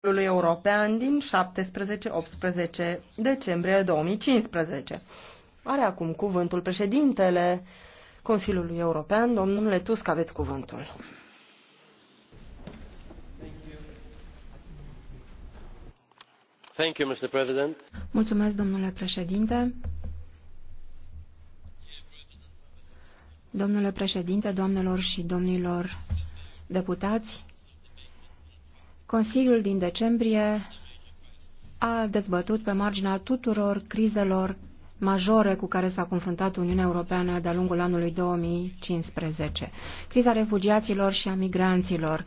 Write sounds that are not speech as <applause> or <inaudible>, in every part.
Consiliului European din 17-18 decembrie 2015. Are acum cuvântul președintele Consiliului European, domnule Tusk, aveți cuvântul. Thank you, Mr. President. Mulțumesc, domnule președinte. Domnule președinte, doamnelor și domnilor deputați, Consiliul din decembrie a dezbătut pe marginea tuturor crizelor majore cu care s-a confruntat Uniunea Europeană de-a lungul anului 2015. Criza refugiaților și a migranților,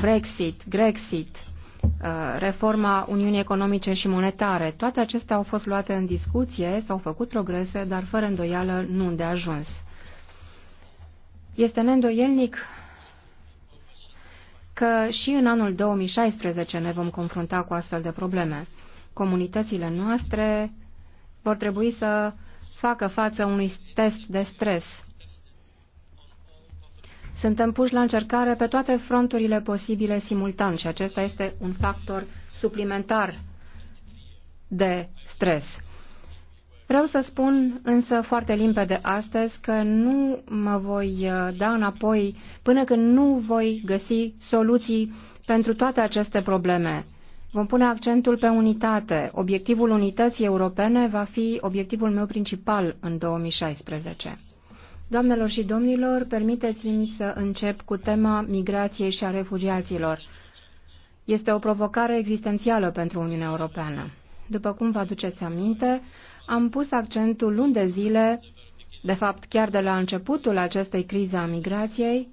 Brexit, Grexit, uh, reforma Uniunii Economice și Monetare, toate acestea au fost luate în discuție, s-au făcut progrese, dar fără îndoială nu de ajuns. Este neîndoielnic că și în anul 2016 ne vom confrunta cu astfel de probleme. Comunitățile noastre vor trebui să facă față unui test de stres. Suntem puși la încercare pe toate fronturile posibile simultan și acesta este un factor suplimentar de stres. Vreau să spun însă foarte limpede astăzi că nu mă voi uh, da înapoi până când nu voi găsi soluții pentru toate aceste probleme. Vom pune accentul pe unitate. Obiectivul unității europene va fi obiectivul meu principal în 2016. Doamnelor și domnilor, permiteți-mi să încep cu tema migrației și a refugiaților. Este o provocare existențială pentru Uniunea Europeană. După cum vă aduceți aminte, am pus accentul luni de zile, de fapt chiar de la începutul acestei crize a migrației,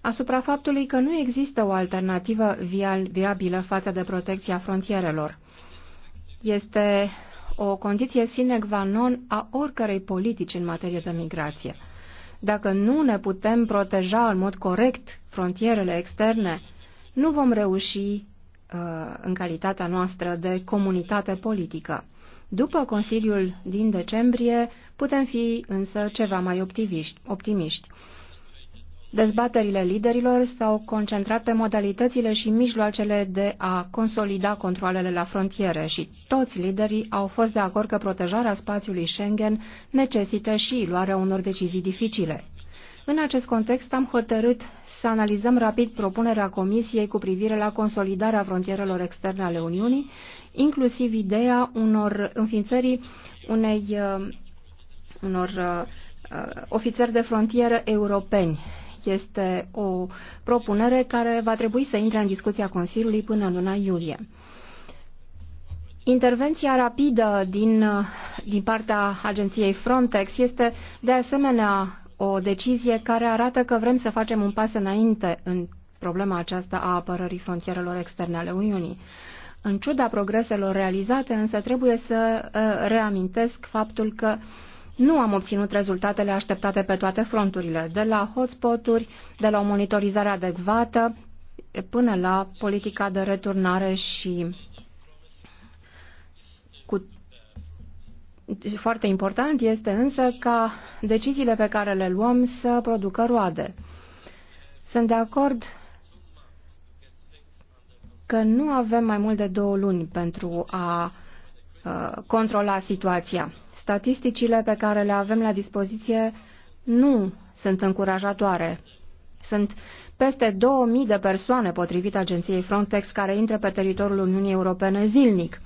asupra faptului că nu există o alternativă viabilă față de protecția frontierelor. Este o condiție sine qua non a oricărei politici în materie de migrație. Dacă nu ne putem proteja în mod corect frontierele externe, nu vom reuși uh, în calitatea noastră de comunitate politică. După Consiliul din decembrie, putem fi însă ceva mai optimiști. Dezbaterile liderilor s-au concentrat pe modalitățile și mijloacele de a consolida controlele la frontiere și toți liderii au fost de acord că protejarea spațiului Schengen necesită și luarea unor decizii dificile. În acest context am hotărât să analizăm rapid propunerea Comisiei cu privire la consolidarea frontierelor externe ale Uniunii inclusiv ideea unor înființării unei, uh, unor uh, uh, ofițeri de frontieră europeni. Este o propunere care va trebui să intre în discuția Consiliului până în luna iulie. Intervenția rapidă din, din partea agenției Frontex este de asemenea o decizie care arată că vrem să facem un pas înainte în problema aceasta a apărării frontierelor externe ale Uniunii. În ciuda progreselor realizate, însă trebuie să uh, reamintesc faptul că nu am obținut rezultatele așteptate pe toate fronturile, de la hotspoturi, de la o monitorizare adecvată, până la politica de returnare și cu foarte important este însă ca deciziile pe care le luăm să producă roade. Sunt de acord că nu avem mai mult de două luni pentru a uh, controla situația. Statisticile pe care le avem la dispoziție nu sunt încurajatoare. Sunt peste 2000 de persoane, potrivit agenției Frontex, care intră pe teritoriul Uniunii Europene zilnic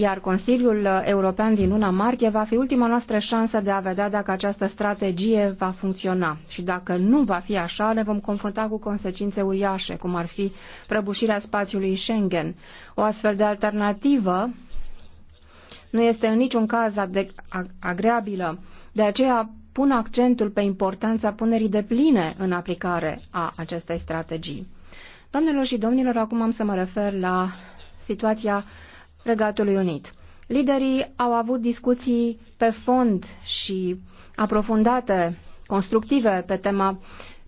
iar Consiliul European din luna martie va fi ultima noastră șansă de a vedea dacă această strategie va funcționa. Și dacă nu va fi așa, ne vom confrunta cu consecințe uriașe, cum ar fi prăbușirea spațiului Schengen. O astfel de alternativă nu este în niciun caz agreabilă. De aceea pun accentul pe importanța punerii de pline în aplicare a acestei strategii. Doamnelor și domnilor, acum am să mă refer la situația Regatului Unit. Liderii au avut discuții pe fond și aprofundate, constructive, pe tema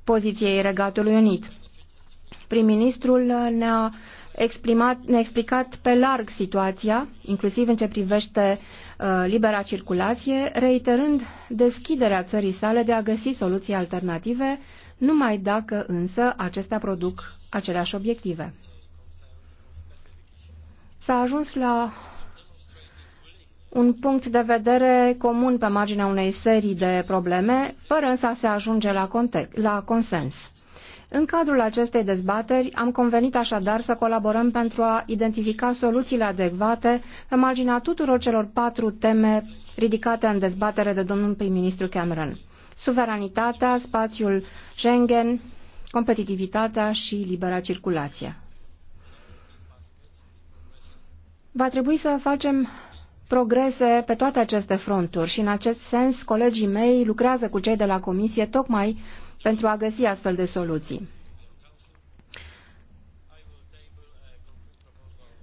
poziției Regatului Unit. Prim-ministrul ne-a exprimat, ne-a explicat pe larg situația, inclusiv în ce privește uh, libera circulație, reiterând deschiderea țării sale de a găsi soluții alternative, numai dacă însă acestea produc aceleași obiective s-a ajuns la un punct de vedere comun pe marginea unei serii de probleme, fără însă a se ajunge la, context, la consens. În cadrul acestei dezbateri am convenit așadar să colaborăm pentru a identifica soluțiile adecvate pe marginea tuturor celor patru teme ridicate în dezbatere de domnul prim-ministru Cameron. Suveranitatea, spațiul Schengen, competitivitatea și libera circulație. Va trebui să facem progrese pe toate aceste fronturi și în acest sens colegii mei lucrează cu cei de la Comisie tocmai pentru a găsi astfel de soluții.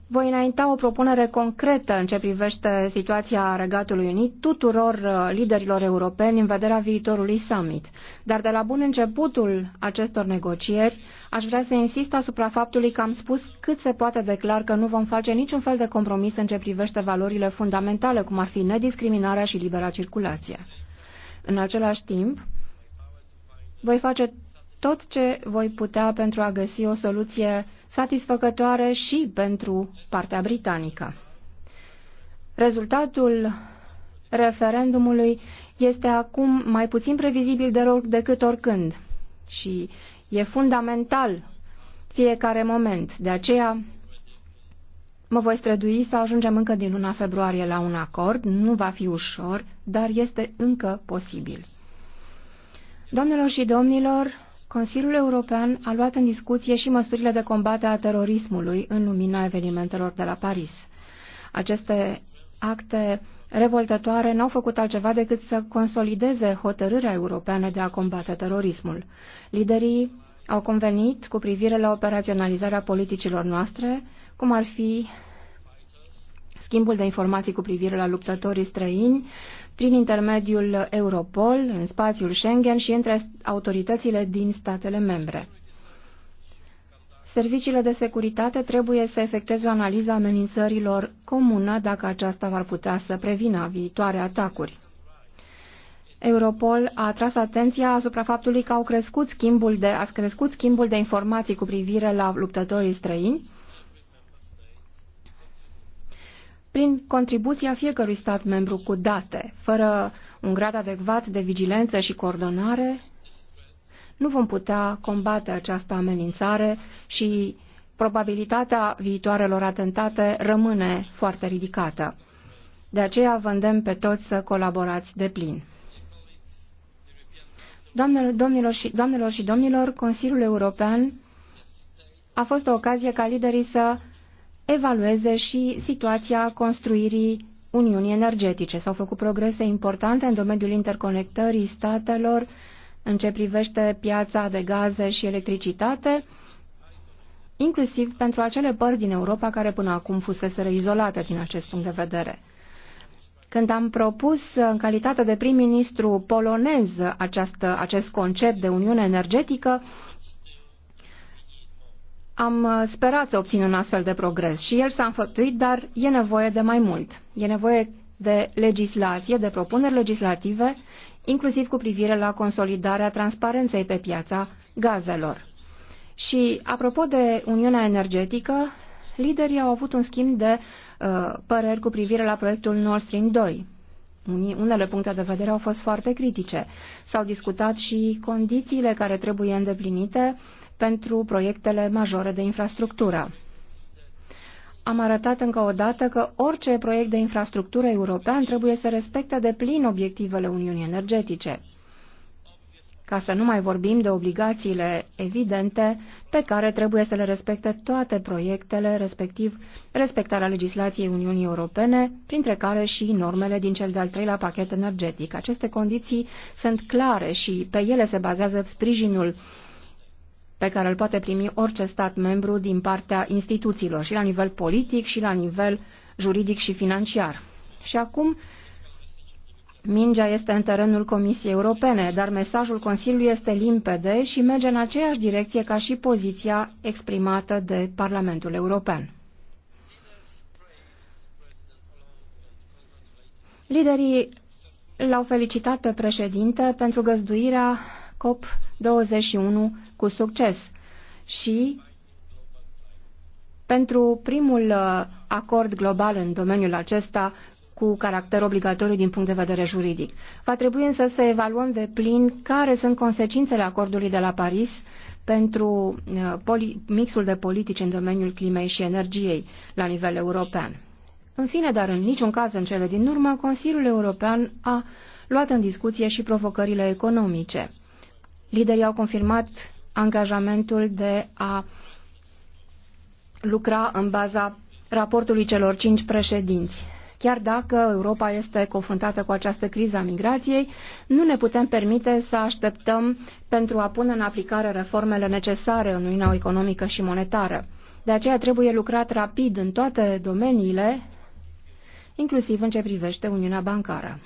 Voi înainta o propunere concretă în ce privește situația Regatului Unit tuturor uh, liderilor europeni în vederea viitorului summit. Dar de la bun începutul acestor negocieri, aș vrea să insist asupra faptului că am spus cât se poate declar că nu vom face niciun fel de compromis în ce privește valorile fundamentale, cum ar fi nediscriminarea și libera circulație. În același timp, voi face tot ce voi putea pentru a găsi o soluție satisfăcătoare și pentru partea britanică. Rezultatul referendumului este acum mai puțin previzibil de rog decât oricând și e fundamental fiecare moment. De aceea mă voi strădui să ajungem încă din luna februarie la un acord. Nu va fi ușor, dar este încă posibil. Domnilor și domnilor, Consiliul European a luat în discuție și măsurile de combate a terorismului în lumina evenimentelor de la Paris. Aceste acte revoltătoare n-au făcut altceva decât să consolideze hotărârea europeană de a combate terorismul. Liderii au convenit cu privire la operaționalizarea politicilor noastre, cum ar fi schimbul de informații cu privire la luptătorii străini prin intermediul Europol, în spațiul Schengen și între autoritățile din statele membre. Serviciile de securitate trebuie să efectueze o analiză a amenințărilor comună dacă aceasta ar putea să prevină viitoare atacuri. Europol a atras atenția asupra faptului că au crescut schimbul de, a crescut schimbul de informații cu privire la luptătorii străini, prin contribuția fiecărui stat membru cu date, fără un grad adecvat de vigilență și coordonare, nu vom putea combate această amenințare și probabilitatea viitoarelor atentate rămâne foarte ridicată. De aceea vă îndemn pe toți să colaborați de plin. Doamnelor, domnilor și, doamnelor și domnilor, Consiliul European a fost o ocazie ca liderii să evalueze și situația construirii Uniunii Energetice. S-au făcut progrese importante în domeniul interconectării statelor în ce privește piața de gaze și electricitate, inclusiv pentru acele părți din Europa care până acum fuseseră izolate din acest punct de vedere. Când am propus în calitate de prim-ministru polonez această, acest concept de Uniune Energetică, am uh, sperat să obțin un astfel de progres și el s-a înfăptuit, dar e nevoie de mai mult. E nevoie de legislație, de propuneri legislative, inclusiv cu privire la consolidarea transparenței pe piața gazelor. Și apropo de Uniunea Energetică, liderii au avut un schimb de uh, păreri cu privire la proiectul Nord Stream 2. Unele puncte de vedere au fost foarte critice. S-au discutat și condițiile care trebuie îndeplinite pentru proiectele majore de infrastructură. Am arătat încă o dată că orice proiect de infrastructură european trebuie să respecte de plin obiectivele Uniunii Energetice, ca să nu mai vorbim de obligațiile evidente pe care trebuie să le respecte toate proiectele, respectiv respectarea legislației Uniunii Europene, printre care și normele din cel de-al treilea pachet energetic. Aceste condiții sunt clare și pe ele se bazează sprijinul pe care îl poate primi orice stat membru din partea instituțiilor, și la nivel politic, și la nivel juridic și financiar. Și acum, mingea este în terenul Comisiei Europene, dar mesajul Consiliului este limpede și merge în aceeași direcție ca și poziția exprimată de Parlamentul European. Liderii l-au felicitat pe președinte pentru găzduirea COP21 cu succes și pentru primul uh, acord global în domeniul acesta cu caracter obligatoriu din punct de vedere juridic. Va trebui însă să evaluăm de plin care sunt consecințele acordului de la Paris pentru uh, mixul de politici în domeniul climei și energiei la nivel european. În fine, dar în niciun caz în cele din urmă, Consiliul European a luat în discuție și provocările economice. Liderii au confirmat angajamentul de a lucra în baza raportului celor cinci președinți. Chiar dacă Europa este confruntată cu această criză a migrației, nu ne putem permite să așteptăm pentru a pune în aplicare reformele necesare în Uniunea Economică și Monetară. De aceea trebuie lucrat rapid în toate domeniile, inclusiv în ce privește Uniunea Bancară.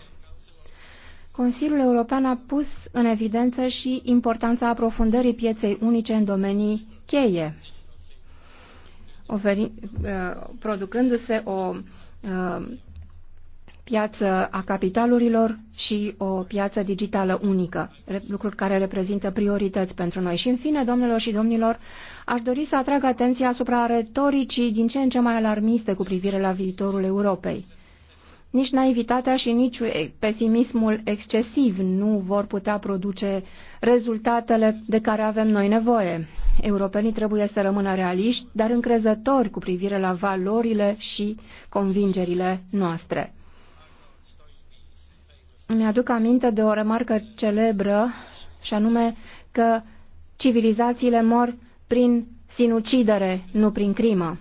Consiliul European a pus în evidență și importanța aprofundării pieței unice în domenii cheie, oferi, uh, producându-se o uh, piață a capitalurilor și o piață digitală unică, lucruri care reprezintă priorități pentru noi. Și în fine, domnilor și domnilor, aș dori să atrag atenția asupra retoricii din ce în ce mai alarmiste cu privire la viitorul Europei. Nici naivitatea și nici pesimismul excesiv nu vor putea produce rezultatele de care avem noi nevoie. Europenii trebuie să rămână realiști, dar încrezători cu privire la valorile și convingerile noastre. Mi-aduc aminte de o remarcă celebră, și anume că civilizațiile mor prin sinucidere, nu prin crimă.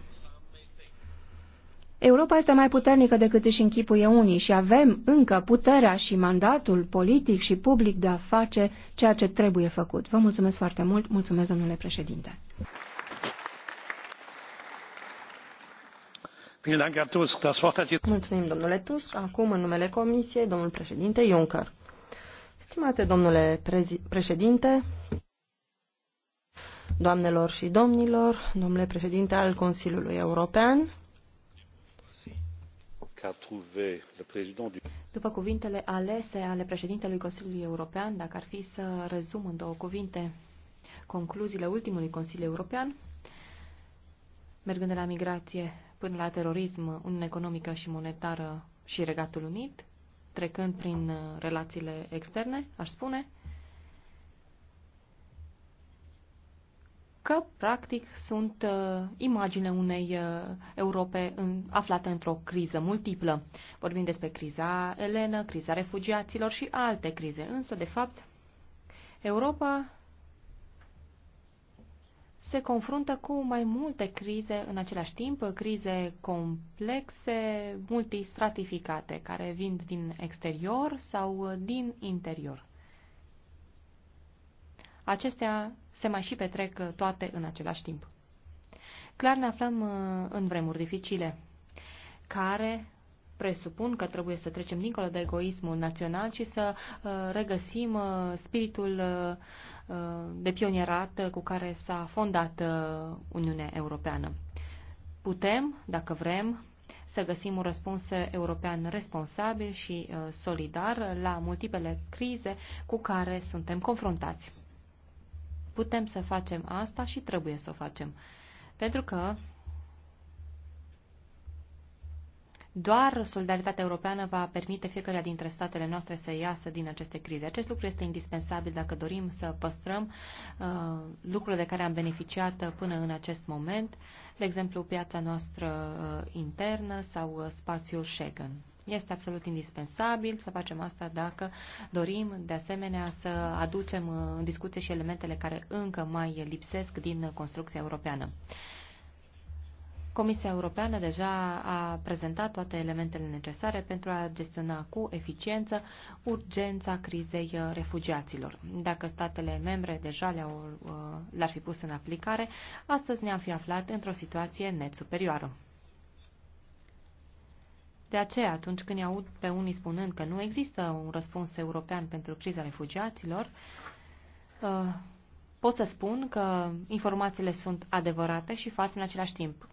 Europa este mai puternică decât își închipuie unii și avem încă puterea și mandatul politic și public de a face ceea ce trebuie făcut. Vă mulțumesc foarte mult. Mulțumesc, domnule președinte. Mulțumim, domnule Tusk. Acum, în numele Comisiei, domnul președinte Juncker. Stimate domnule președinte, doamnelor și domnilor, domnule președinte al Consiliului European, după cuvintele alese ale președintelui Consiliului European, dacă ar fi să rezum în două cuvinte concluziile ultimului Consiliu European, mergând de la migrație până la terorism, Uniune Economică și Monetară și Regatul Unit, trecând prin relațiile externe, aș spune, că, practic, sunt uh, imaginea unei uh, Europe în, aflată într-o criză multiplă. Vorbim despre criza elenă, criza refugiaților și alte crize. Însă, de fapt, Europa se confruntă cu mai multe crize în același timp, crize complexe, multistratificate, care vin din exterior sau uh, din interior acestea se mai și petrec uh, toate în același timp. Clar ne aflăm uh, în vremuri dificile, care presupun că trebuie să trecem dincolo de egoismul național și să uh, regăsim spiritul de pionierat cu care s-a fondat Uniunea Europeană. Putem, dacă vrem, să găsim un răspuns european responsabil și solidar la multiplele crize cu care suntem confruntați. Putem să facem asta și trebuie să o facem. Pentru că doar solidaritatea europeană va permite fiecare dintre statele noastre să iasă din aceste crize. Acest lucru este indispensabil dacă dorim să păstrăm uh, lucrurile de care am beneficiat până în acest moment, de exemplu piața noastră uh, internă sau uh, spațiul Schengen. Este absolut indispensabil să facem asta dacă dorim, de asemenea, să aducem în discuție și elementele care încă mai lipsesc din construcția europeană. Comisia Europeană deja a prezentat toate elementele necesare pentru a gestiona cu eficiență urgența crizei refugiaților. Dacă statele membre deja uh, le-ar fi pus în aplicare, astăzi ne-am fi aflat într-o situație net superioară. De aceea, atunci când aud pe unii spunând că nu există un răspuns european pentru criza refugiaților, uh, pot să spun că informațiile sunt adevărate și false în același timp.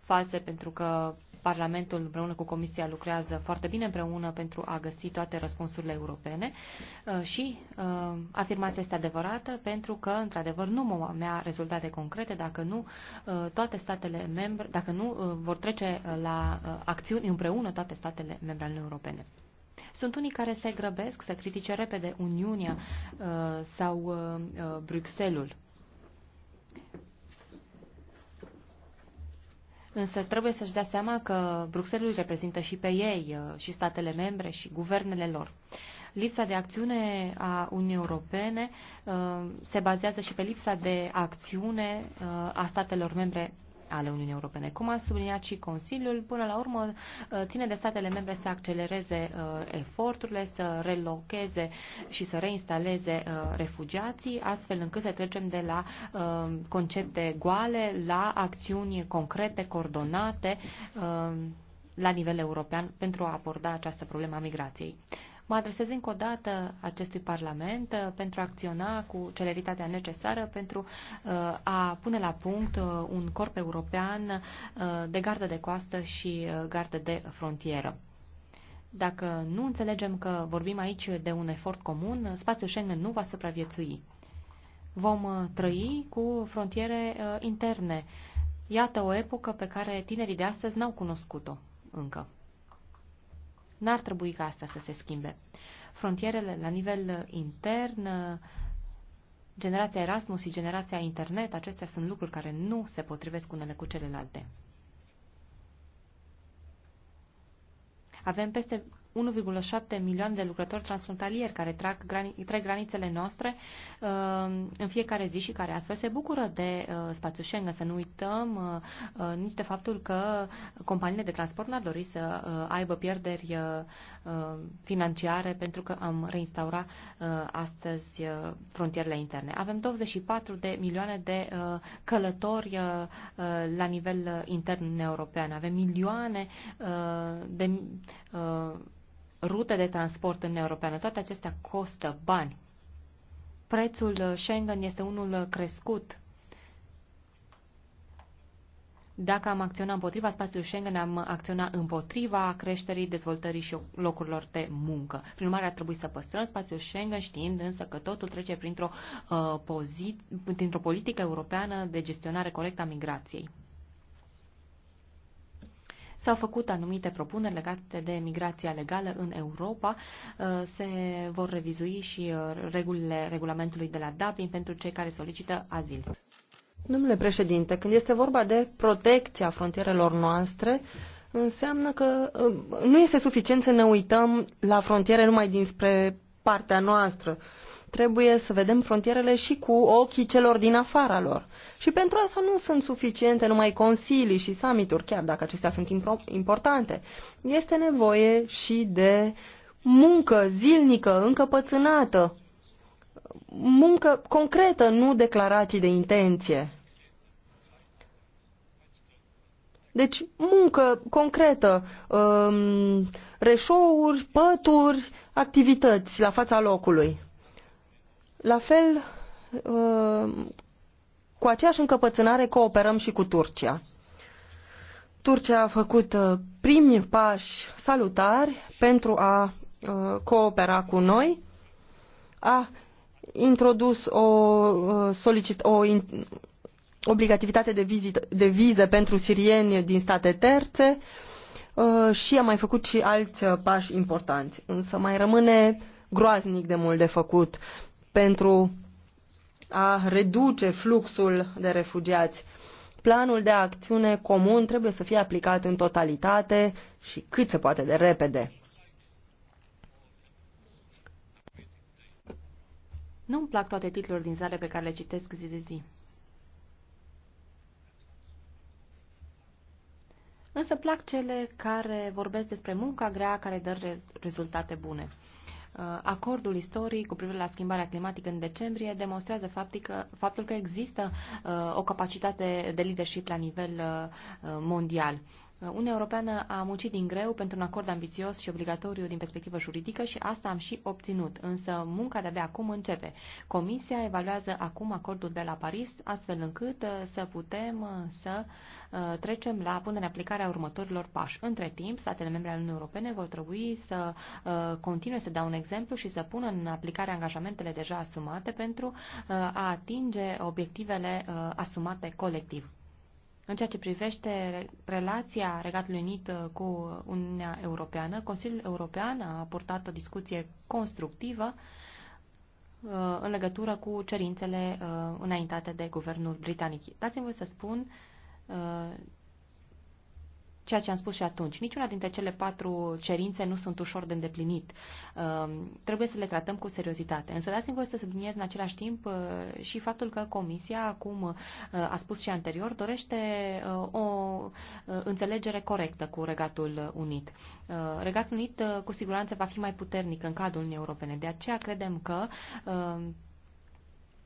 False pentru că Parlamentul împreună cu Comisia lucrează foarte bine împreună pentru a găsi toate răspunsurile europene uh, și uh, afirmația este adevărată pentru că, într-adevăr, nu mă mea rezultate concrete dacă nu uh, toate statele membre, dacă nu vor trece la acțiuni împreună toate statele membre ale europene. Sunt unii care se grăbesc să critique repede Uniunea sau Bruxelles. -ul. Însă trebuie să-și dea seama că Bruxelles îi reprezintă și pe ei, uh, și statele membre, și guvernele lor. Lipsa de acțiune a Uniunii Europene uh, se bazează și pe lipsa de acțiune uh, a statelor membre ale Uniunii Europene. Cum a subliniat și Consiliul, până la urmă uh, ține de statele membre să accelereze uh, eforturile, să relocheze și să reinstaleze uh, refugiații, astfel încât să trecem de la concepte goale la acțiuni concrete, coordonate la nivel european pentru a aborda această problemă a migrației. Mă adresez încă o dată acestui Parlament uh, pentru a acționa cu celeritatea necesară pentru uh, a pune la punct uh, un corp european de gardă de coastă și gardă de frontieră. Dacă nu înțelegem că vorbim aici de un efort comun, spațiul Schengen nu va supraviețui. Vom trăi cu frontiere interne. Iată o epocă pe care tinerii de astăzi n-au cunoscut-o încă. N-ar trebui ca asta să se schimbe. Frontierele la nivel uh, intern, uh, generația Erasmus și generația internet, acestea sunt lucruri care nu se potrivesc unele cu celelalte. Avem peste 1,7 milioane de lucrători transfrontalieri care trag grani, trec granițele noastre uh, în fiecare zi și care astfel se bucură de uh, spațiul Schengen. Să nu uităm uh, nici de faptul că companiile de transport n-ar dori să aibă pierderi financiare pentru că am reinstaura astăzi frontierele interne. Avem 24 de milioane de călători la nivel intern european. Avem milioane de rute de transport în Europeană. Toate acestea costă bani. Prețul uh, Schengen este unul uh, crescut. Dacă am acționat împotriva spațiului Schengen, am acționat împotriva creșterii, dezvoltării și locurilor de muncă. Prin urmare, ar trebui să păstrăm spațiul Schengen, știind însă că totul trece printr-o, uh, printr politică europeană de gestionare corectă a migrației. S-au făcut anumite propuneri legate de migrația legală în Europa. Uh, se vor revizui și uh, regulile regulamentului de la Dublin pentru cei care solicită azil. Domnule președinte, când este vorba de protecția frontierelor noastre, înseamnă că uh, nu este suficient să ne uităm la frontiere numai dinspre partea noastră. Uh, trebuie să vedem frontierele și cu ochii celor din afara lor. Și pentru asta nu sunt suficiente numai consilii și summituri, chiar dacă acestea sunt importante. Este nevoie și de muncă zilnică, încăpățânată, muncă concretă, nu declarații de intenție. Deci muncă concretă, um, reșouri, pături, activități la fața locului. La fel, uh, cu aceeași încăpățânare cooperăm și cu Turcia. Turcia a făcut uh, primii pași salutari pentru a uh, coopera cu noi, a introdus o, solicit, o in, obligativitate de, vizit, de viză pentru sirieni din state terțe și a mai făcut și alți pași importanți. Însă mai rămâne groaznic de mult de făcut pentru a reduce fluxul de refugiați. Planul de acțiune comun trebuie să fie aplicat în totalitate și cât se poate de repede. Nu-mi plac toate titlurile din zare pe care le citesc zi de zi. Însă plac cele care vorbesc despre munca grea care dă rezultate bune. Uh, acordul istoric cu privire la schimbarea climatică în decembrie demonstrează faptul că există uh, o capacitate de leadership la nivel uh, mondial. Uniunea Europeană a muncit din greu pentru un acord ambițios și obligatoriu din perspectivă juridică și asta am și obținut, însă munca de-abia acum începe. Comisia evaluează acum acordul de la Paris, astfel încât uh, să putem uh, să uh, trecem la punerea aplicare a următorilor pași. Între timp, statele membre ale Uniunii Europene vor trebui să continue să dau un exemplu și să pună în aplicare angajamentele deja asumate pentru a atinge obiectivele asumate colectiv. În ceea ce privește relația Regatului Unit uh, cu Uniunea Europeană, Consiliul European a purtat o discuție constructivă uh, în legătură cu cerințele uh, înaintate de guvernul britanic. Dați-mi voi să spun ceea ce am spus și atunci. Niciuna dintre cele patru cerințe nu sunt ușor de îndeplinit. Uh, trebuie să le tratăm cu seriozitate. Însă dați-mi voie să subliniez în același timp uh, și faptul că Comisia, cum uh, a spus și anterior, dorește uh, o uh, înțelegere corectă cu Regatul Unit. Uh, Regatul Unit cu siguranță va fi mai puternic în cadrul Uniunii Europene. De aceea credem că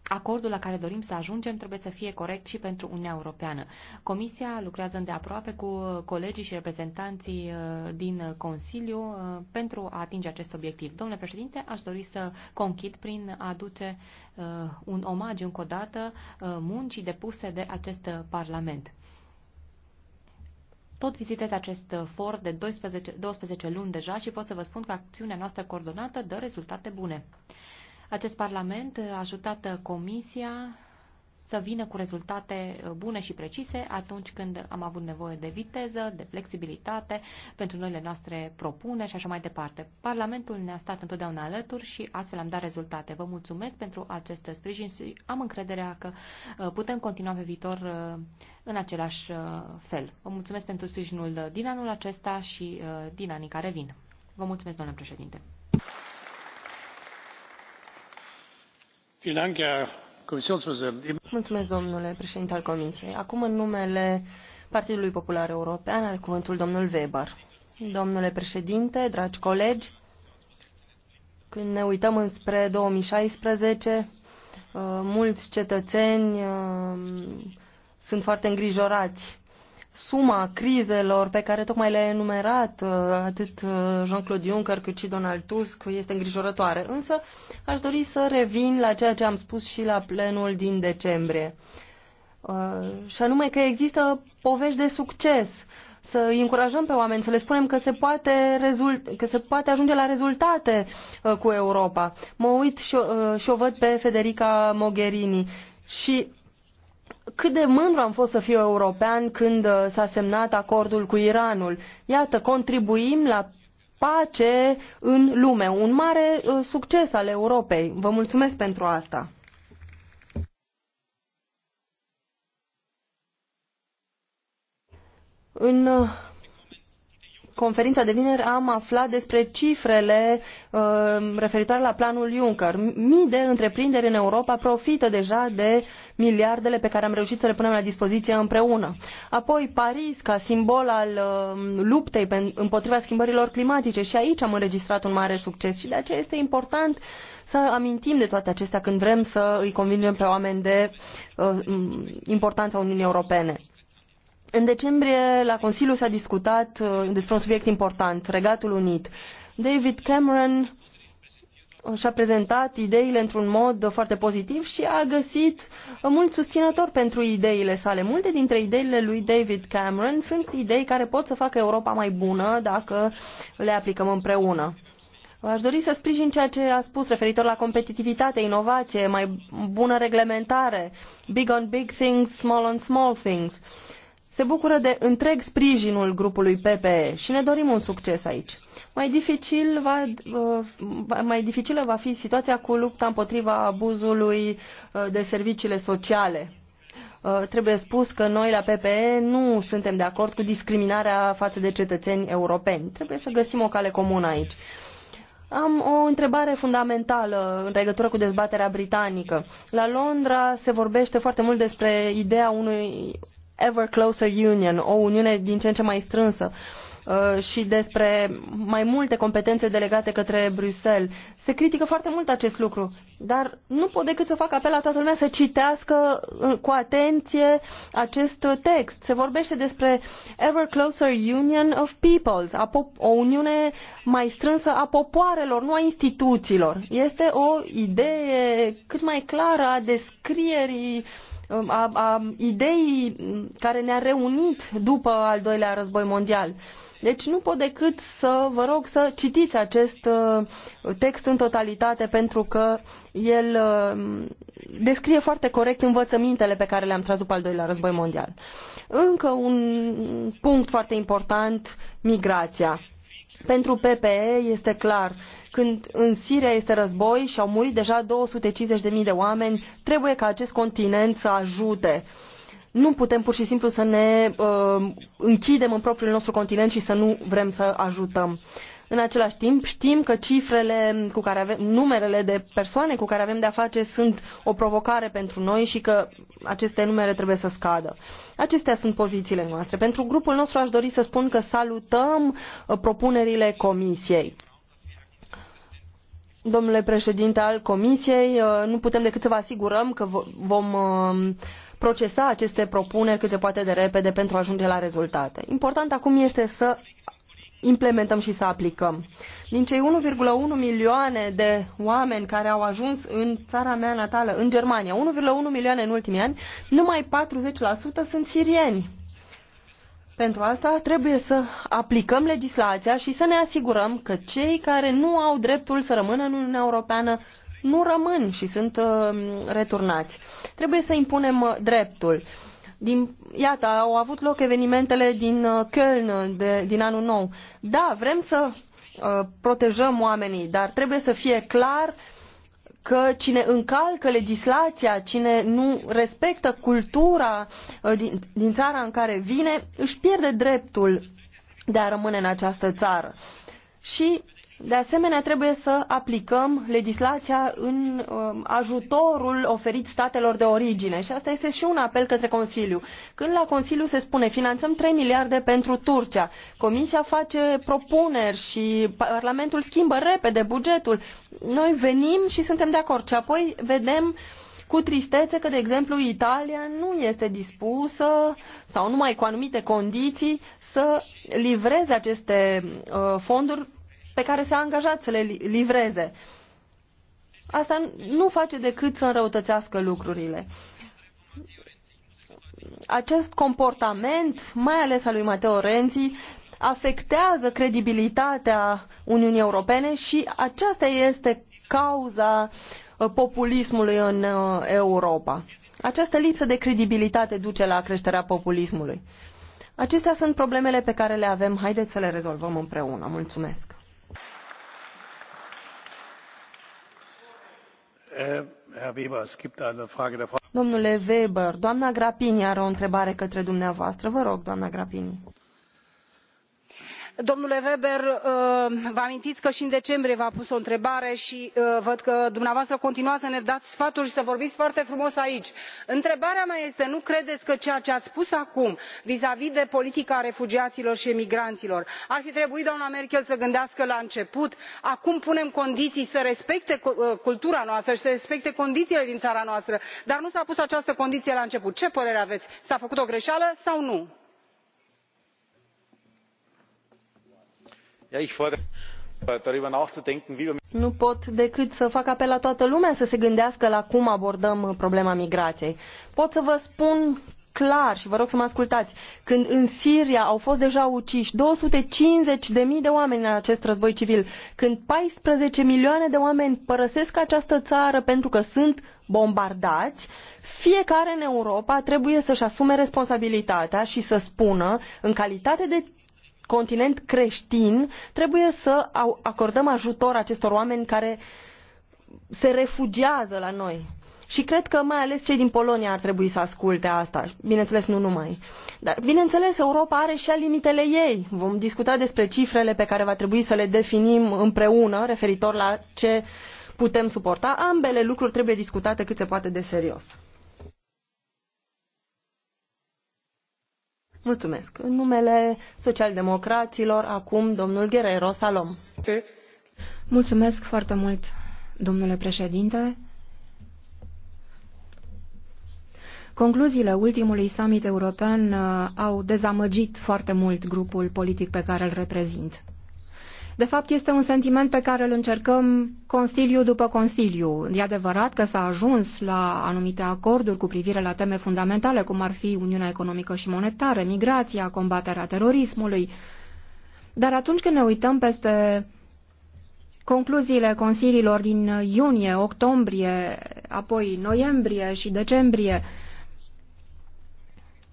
Acordul la care dorim să ajungem trebuie să fie corect și pentru Uniunea Europeană. Comisia lucrează îndeaproape cu colegii și reprezentanții uh, din Consiliu uh, pentru a atinge acest obiectiv. Domnule președinte, aș dori să conchid prin a aduce uh, un omagiu încă o dată muncii depuse de acest Parlament. Tot vizitez acest for de 12, 12 luni deja și pot să vă spun că acțiunea noastră coordonată dă rezultate bune. Acest Parlament a ajutat Comisia să vină cu rezultate bune și precise atunci când am avut nevoie de viteză, de flexibilitate pentru noile noastre propuneri și așa mai departe. Parlamentul ne-a stat întotdeauna alături și astfel am dat rezultate. Vă mulțumesc pentru acest sprijin și am încrederea că uh, putem continua pe viitor uh, în același uh, fel. Vă mulțumesc pentru sprijinul din anul acesta și din anii care vin. Vă mulțumesc, domnule președinte. Mulțumesc, domnule președinte al Comisiei. Acum, în numele Partidului Popular European, are cuvântul domnul Weber. Domnule președinte, dragi colegi, când ne uităm înspre 2016, uh, mulți cetățeni uh, sunt foarte îngrijorați suma crizelor pe care tocmai le-a enumerat uh, atât uh, Jean-Claude Juncker cât și Donald Tusk este îngrijorătoare. Însă aș dori să revin la ceea ce am spus și la plenul din decembrie. Uh, și anume că există povești de succes. Să îi încurajăm pe oameni, să le spunem că se, poate rezult, că se poate ajunge la rezultate cu Europa. Mă uit și, și o văd pe Federica Mogherini și cât de mândru am fost să fiu european când uh, s-a semnat acordul cu Iranul. Iată, contribuim la pace în lume. Un mare uh, succes al Europei. Vă mulțumesc pentru asta. În uh, conferința de vineri am aflat despre cifrele uh, referitoare la planul Juncker. Mii de întreprinderi în Europa profită deja de uh, miliardele pe care am reușit să le punem la dispoziție împreună. Apoi Paris ca simbol al um, luptei împotriva schimbărilor climatice și aici am înregistrat un mare succes și de aceea este important să amintim de toate acestea când vrem să îi convingem pe oameni de uh, importanța Uniunii Europene. În decembrie, la Consiliu s-a discutat uh, despre un subiect important, Regatul Unit. David Cameron și-a prezentat ideile într-un mod foarte pozitiv și a găsit mult susținător pentru ideile sale. Multe dintre ideile lui David Cameron sunt idei care pot să facă Europa mai bună dacă le aplicăm împreună. Aș dori să sprijin ceea ce a spus referitor la competitivitate, inovație, mai bună reglementare, big on big things, small on small things. Uh, se bucură de întreg sprijinul grupului PPE și ne dorim un succes aici. Mai, dificil va, uh, mai dificilă va fi situația cu lupta împotriva abuzului uh, de serviciile sociale. Uh, trebuie spus că noi la PPE nu suntem de acord cu discriminarea față de cetățeni europeni. Trebuie să găsim o cale comună aici. Am o întrebare fundamentală în legătură cu dezbaterea britanică. La Londra se vorbește foarte mult despre ideea unui, ever closer union, o uniune din ce în ce mai strânsă uh, și despre mai multe competențe delegate către Bruxelles. Se critică foarte mult acest lucru, dar nu pot decât să fac apel la toată lumea să citească uh, cu atenție acest text. Se vorbește despre Ever Closer Union of Peoples, o uniune mai strânsă a popoarelor, nu a instituțiilor. Este o idee cât mai clară a descrierii uh, Um, a, a ideii care ne-a reunit după al doilea război mondial. Deci nu pot decât să vă rog să citiți acest uh, text în totalitate pentru că el um, descrie foarte corect învățămintele pe care le-am tras după al doilea război mondial. Încă un punct foarte important, migrația. Pentru PPE este clar, când în Siria este război și au murit deja 250.000 de oameni, trebuie ca acest continent să ajute. Nu putem pur și simplu să ne uh, închidem în propriul nostru continent și să nu vrem să ajutăm. În același timp, știm că cifrele cu care avem, numerele de persoane cu care avem de-a face sunt o provocare pentru noi și că aceste numere trebuie să scadă. Acestea sunt pozițiile noastre. Pentru grupul nostru aș dori să spun că salutăm uh, propunerile Comisiei domnule președinte al comisiei uh, nu putem decât să vă asigurăm că vom uh, procesa aceste propuneri cât se poate de repede pentru a ajunge la rezultate. important acum este să implementăm și să aplicăm. Din cei 1,1 milioane de oameni care au ajuns în țara mea natală, în Germania, 1,1 milioane în ultimii ani, numai 40% sunt sirieni pentru asta trebuie să aplicăm legislația și să ne asigurăm că cei care nu au dreptul să rămână în Uniunea Europeană nu rămân și sunt uh, returnați. Trebuie să impunem uh, dreptul. Din, iată, au avut loc evenimentele din uh, Köln uh, de, din anul nou. Da, vrem să uh, protejăm oamenii, dar trebuie să fie clar uh, că cine încalcă legislația, cine nu respectă cultura uh, din, din țara în care vine, își pierde dreptul de a rămâne în această țară. Și de asemenea, trebuie să aplicăm legislația în um, ajutorul oferit statelor de origine și asta este și un apel către Consiliu. Când la Consiliu se spune finanțăm 3 miliarde pentru Turcia, Comisia face propuneri și Parlamentul schimbă repede bugetul, noi venim și suntem de acord și apoi vedem cu tristețe că, de exemplu, Italia nu este dispusă sau numai cu anumite condiții să livreze aceste uh, fonduri pe care s-a angajat să le livreze. Asta nu face decât să înrăutățească lucrurile. Acest comportament, mai ales al lui Matteo Renzi, afectează credibilitatea Uniunii Europene și aceasta este cauza uh, populismului în uh, Europa. Această lipsă de credibilitate duce la creșterea populismului. Acestea sunt problemele pe care le avem. Haideți să le rezolvăm împreună. Mulțumesc! Eh, Domnule Weber, doamna Grapini are o întrebare către dumneavoastră. Vă rog, doamna Grapini domnule weber uh, vă amintiți că și în decembrie v am pus o întrebare și uh, văd că dumneavoastră continuați să ne dați sfaturi și să vorbiți foarte frumos aici. întrebarea mea este nu credeți că ceea ce ați spus acum vizavi de politica refugiaților și migranților ar fi trebuit doamna merkel să gândească la început acum punem condiții să respecte uh, cultura noastră și să respecte condițiile din țara noastră dar nu s a pus această condiție la început. ce părere aveți s a făcut o greșeală sau nu? Nu pot decât să fac apel la toată lumea să se gândească la cum abordăm problema migrației. Pot să vă spun clar și vă rog să mă ascultați, când în Siria au fost deja uciși 250 de mii de oameni în acest război civil, când 14 milioane de oameni părăsesc această țară pentru că sunt bombardați, fiecare în Europa trebuie să-și asume responsabilitatea și să spună, în calitate de continent creștin, trebuie să acordăm ajutor acestor oameni care se refugiază la noi. Și cred că mai ales cei din Polonia ar trebui să asculte asta. Bineînțeles, nu numai. Dar, bineînțeles, Europa are și a limitele ei. Vom discuta despre cifrele pe care va trebui să le definim împreună, referitor la ce putem suporta. Ambele lucruri trebuie discutate cât se poate de serios. Mulțumesc. În numele socialdemocraților, acum domnul Guerrero Salom. Mulțumesc foarte mult, domnule președinte. Concluziile ultimului summit european uh, au dezamăgit foarte mult grupul politic pe care îl reprezint. De fapt, este un sentiment pe care îl încercăm Consiliu după Consiliu. E adevărat că s-a ajuns la anumite acorduri cu privire la teme fundamentale, cum ar fi Uniunea Economică și Monetară, migrația, combaterea terorismului. Dar atunci când ne uităm peste concluziile consiliilor din iunie, octombrie, apoi noiembrie și decembrie,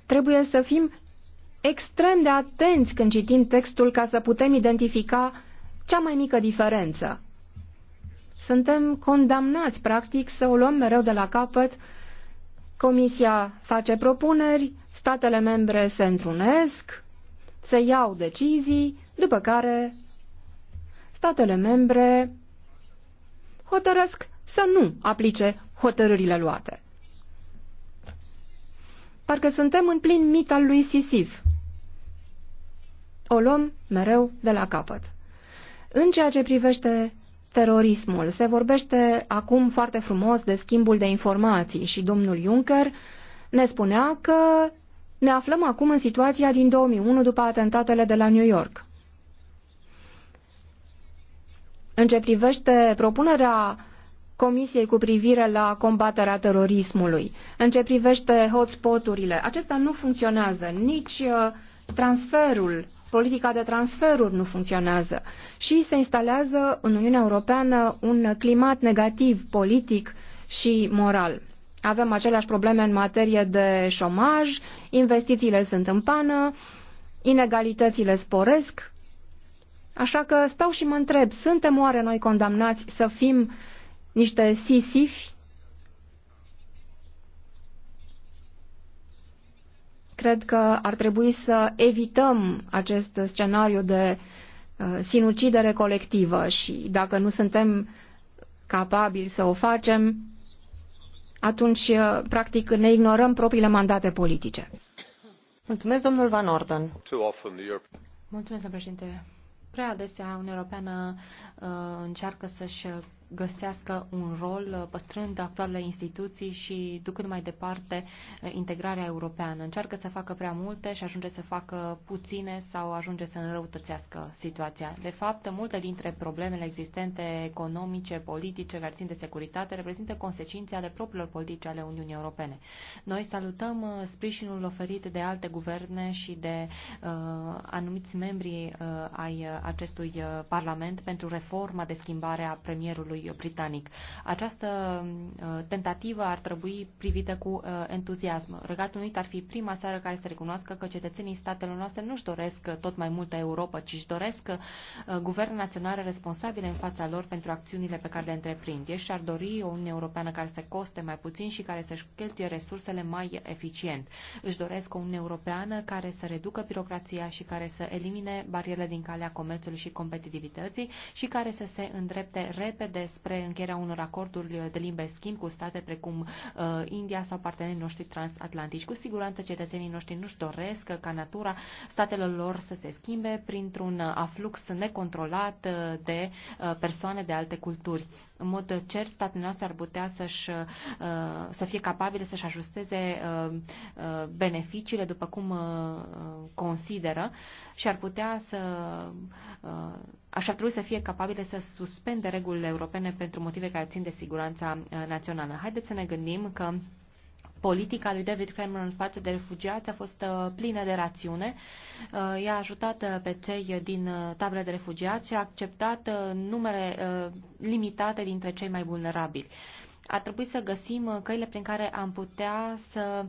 trebuie să fim extrem de atenți când citim textul ca să putem identifica cea mai mică diferență. Suntem condamnați, practic, să o luăm mereu de la capăt. Comisia face propuneri, statele membre se întrunesc, se iau decizii, după care statele membre hotărăsc să nu aplice hotărârile luate. Parcă suntem în plin mit al lui Sisif. O luăm mereu de la capăt. În ceea ce privește terorismul, se vorbește acum foarte frumos de schimbul de informații și domnul Juncker ne spunea că ne aflăm acum în situația din 2001 după atentatele de la New York. În ce privește propunerea Comisiei cu privire la combaterea terorismului, în ce privește hotspoturile, acesta nu funcționează, nici uh, transferul politica de transferuri nu funcționează și se instalează în Uniunea Europeană un climat negativ politic și moral. Avem aceleași probleme în materie de șomaj, investițiile sunt în pană, inegalitățile sporesc. Așa că stau și mă întreb, suntem oare noi condamnați să fim niște sisifi Cred că ar trebui să evităm acest scenariu de uh, sinucidere colectivă și dacă nu suntem capabili să o facem, atunci, uh, practic, ne ignorăm propriile mandate politice. Mulțumesc, domnul Van Orden. Mulțumesc, președinte. Prea adesea Uniunea Europeană uh, încearcă să-și găsească un rol uh, păstrând actualele instituții și ducând mai departe uh, integrarea europeană. Încearcă să facă prea multe și ajunge să facă puține sau ajunge să înrăutățească situația. De fapt, multe dintre problemele existente economice, politice, care țin de securitate, reprezintă consecințe ale propriilor politici ale Uniunii Europene. Noi salutăm uh, sprijinul oferit de alte guverne și de uh, anumiți membri uh, ai acestui Parlament pentru reforma de schimbare a premierului Britanic. Această uh, tentativă ar trebui privită cu uh, entuziasm. Regatul Unit ar fi prima țară care să recunoască că cetățenii statelor noastre nu-și doresc uh, tot mai multă Europa, ci își doresc guverne naționale responsabile în fața lor pentru acțiunile pe care le întreprind. Ei și-ar dori o Uniune Europeană care să coste mai puțin și care să-și cheltuie resursele mai eficient. Își doresc o Uniune Europeană care să reducă birocrația și care să elimine barierele din calea comerțului și competitivității și care să se îndrepte repede spre încheierea unor acorduri de limbe schimb cu state precum uh, India sau partenerii noștri transatlantici. Cu siguranță cetățenii noștri nu-și doresc ca natura statelor lor să se schimbe printr-un aflux necontrolat uh, de uh, persoane de alte culturi. În mod cert, statele noastre ar putea să-și, să fie capabile să-și ajusteze beneficiile după cum consideră și ar putea să Așa ar trebui să fie capabile să suspende regulile europene pentru motive care țin de siguranța uh, națională. Haideți să ne gândim că politica lui David Cameron față de refugiați a fost uh, plină de rațiune. Uh, i-a ajutat pe cei din tabele de refugiați și a acceptat numere limitate dintre cei mai vulnerabili ar trebui să găsim căile prin care am putea să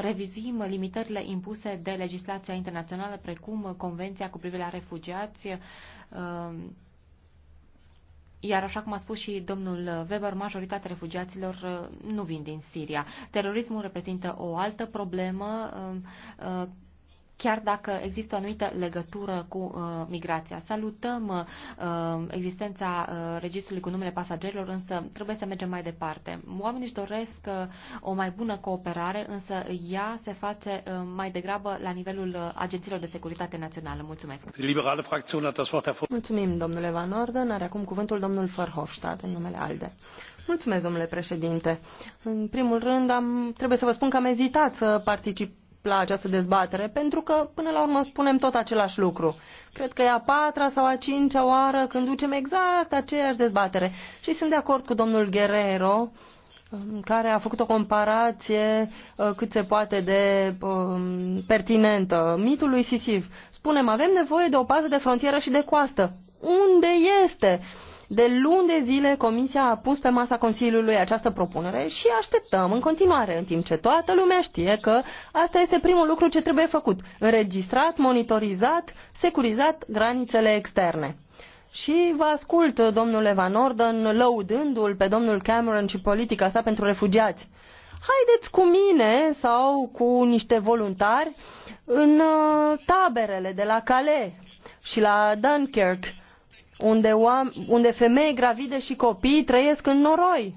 revizuim limitările impuse de legislația internațională, precum Convenția cu privire la refugiați Um, iar așa cum a spus și domnul Weber, majoritatea refugiaților uh, nu vin din Siria. Terorismul reprezintă o altă problemă um, uh, chiar dacă există o anumită legătură cu uh, migrația. Salutăm uh, uh, existența uh, registrului cu numele pasagerilor, însă trebuie să mergem mai departe. Oamenii își doresc uh, o mai bună cooperare, însă ea se face uh, mai degrabă la nivelul uh, agențiilor de securitate națională. Mulțumesc. Mulțumim, domnule Van Orden. Are acum cuvântul domnul Verhofstadt în numele ALDE. Mulțumesc, domnule președinte. În primul rând, am, trebuie să vă spun că am ezitat să particip la această dezbatere, pentru că până la urmă spunem tot același lucru. Cred că e a patra sau a cincea oară când ducem exact aceeași dezbatere. Și sunt de acord cu domnul Guerrero, um, care a făcut o comparație uh, cât se poate de um, pertinentă. Mitul lui Sisif. Spunem, avem nevoie de o pază de frontieră și de coastă. Unde este? De luni de zile Comisia a pus pe masa Consiliului această propunere și așteptăm în continuare, în timp ce toată lumea știe că asta este primul lucru ce trebuie făcut. Înregistrat, monitorizat, securizat granițele externe. Și vă ascult, domnule Van Orden, lăudându-l pe domnul Cameron și politica sa pentru refugiați haideți cu mine sau cu niște voluntari în uh, taberele de la Calais și la Dunkirk unde, unde femei gravide și copii trăiesc în noroi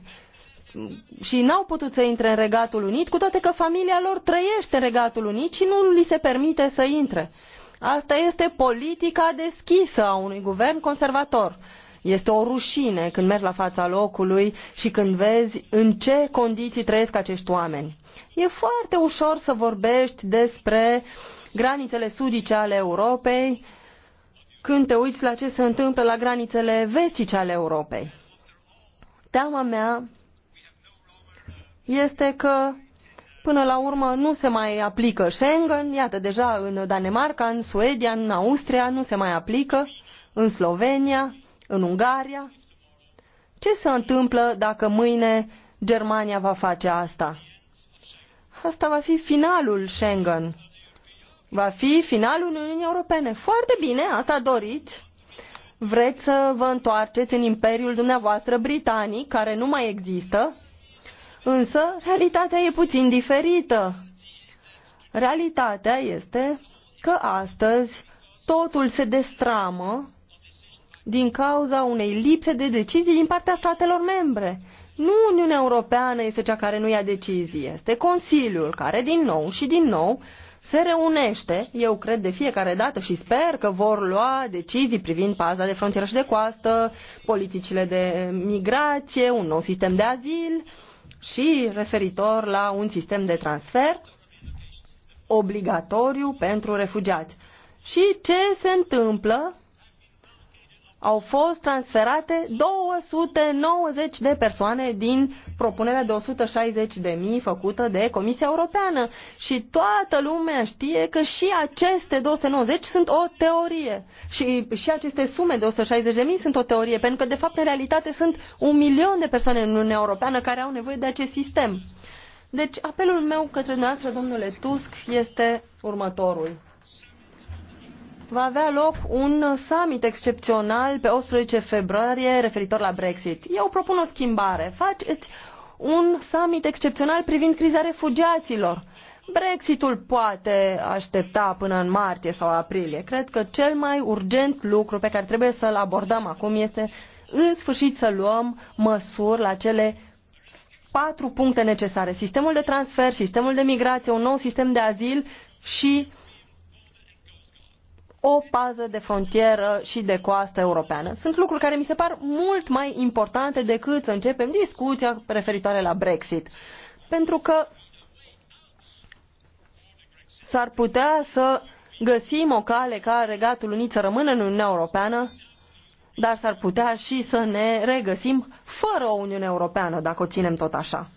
și n-au putut să intre în Regatul Unit, cu toate că familia lor trăiește în Regatul Unit și nu li se permite să intre. Asta este politica deschisă a unui guvern conservator. Este o rușine când mergi la fața locului și când vezi în ce condiții trăiesc acești oameni. E foarte ușor să vorbești despre granițele sudice ale Europei, când te uiți la ce se întâmplă la granițele vestice ale Europei. Teama mea este că până la urmă nu se mai aplică Schengen, iată deja în Danemarca, în Suedia, în Austria nu se mai aplică, în Slovenia, în Ungaria. Ce se întâmplă dacă mâine Germania va face asta? Asta va fi finalul Schengen va fi finalul Uniunii Europene. Foarte bine, asta doriți. Vreți să vă întoarceți în imperiul dumneavoastră britanic, care nu mai există, însă realitatea e puțin diferită. Realitatea este că astăzi totul se destramă din cauza unei lipse de decizii din partea statelor membre. Nu Uniunea Europeană este cea care nu ia decizii, este Consiliul care din nou și din nou se reunește, eu cred, de fiecare dată și sper că vor lua decizii privind paza de frontieră și de coastă, politicile de migrație, un nou sistem de azil și referitor la un sistem de transfer obligatoriu pentru refugiați. Și ce se întâmplă au fost transferate 290 de persoane din propunerea de 160 de mii făcută de Comisia Europeană. Și toată lumea știe că și aceste 290 sunt o teorie. Și, și aceste sume de 160 de mii sunt o teorie, pentru că de fapt în realitate sunt un milion de persoane în Uniunea Europeană care au nevoie de acest sistem. Deci apelul meu către dumneavoastră, domnule Tusk, este următorul va avea loc un summit excepțional pe 18 februarie referitor la Brexit. Eu propun o schimbare. Faceți un summit excepțional privind criza refugiaților. Brexitul poate aștepta până în martie sau aprilie. Cred că cel mai urgent lucru pe care trebuie să-l abordăm acum este în sfârșit să luăm măsuri la cele patru puncte necesare. Sistemul de transfer, sistemul de migrație, un nou sistem de azil și o pază de frontieră și de coastă europeană. Sunt lucruri care mi se par mult mai importante decât să începem discuția referitoare la Brexit. Pentru că s-ar putea să găsim o cale ca Regatul Unit să rămână în Uniunea Europeană, dar s-ar putea și să ne regăsim fără o Uniune Europeană, dacă o ținem tot așa.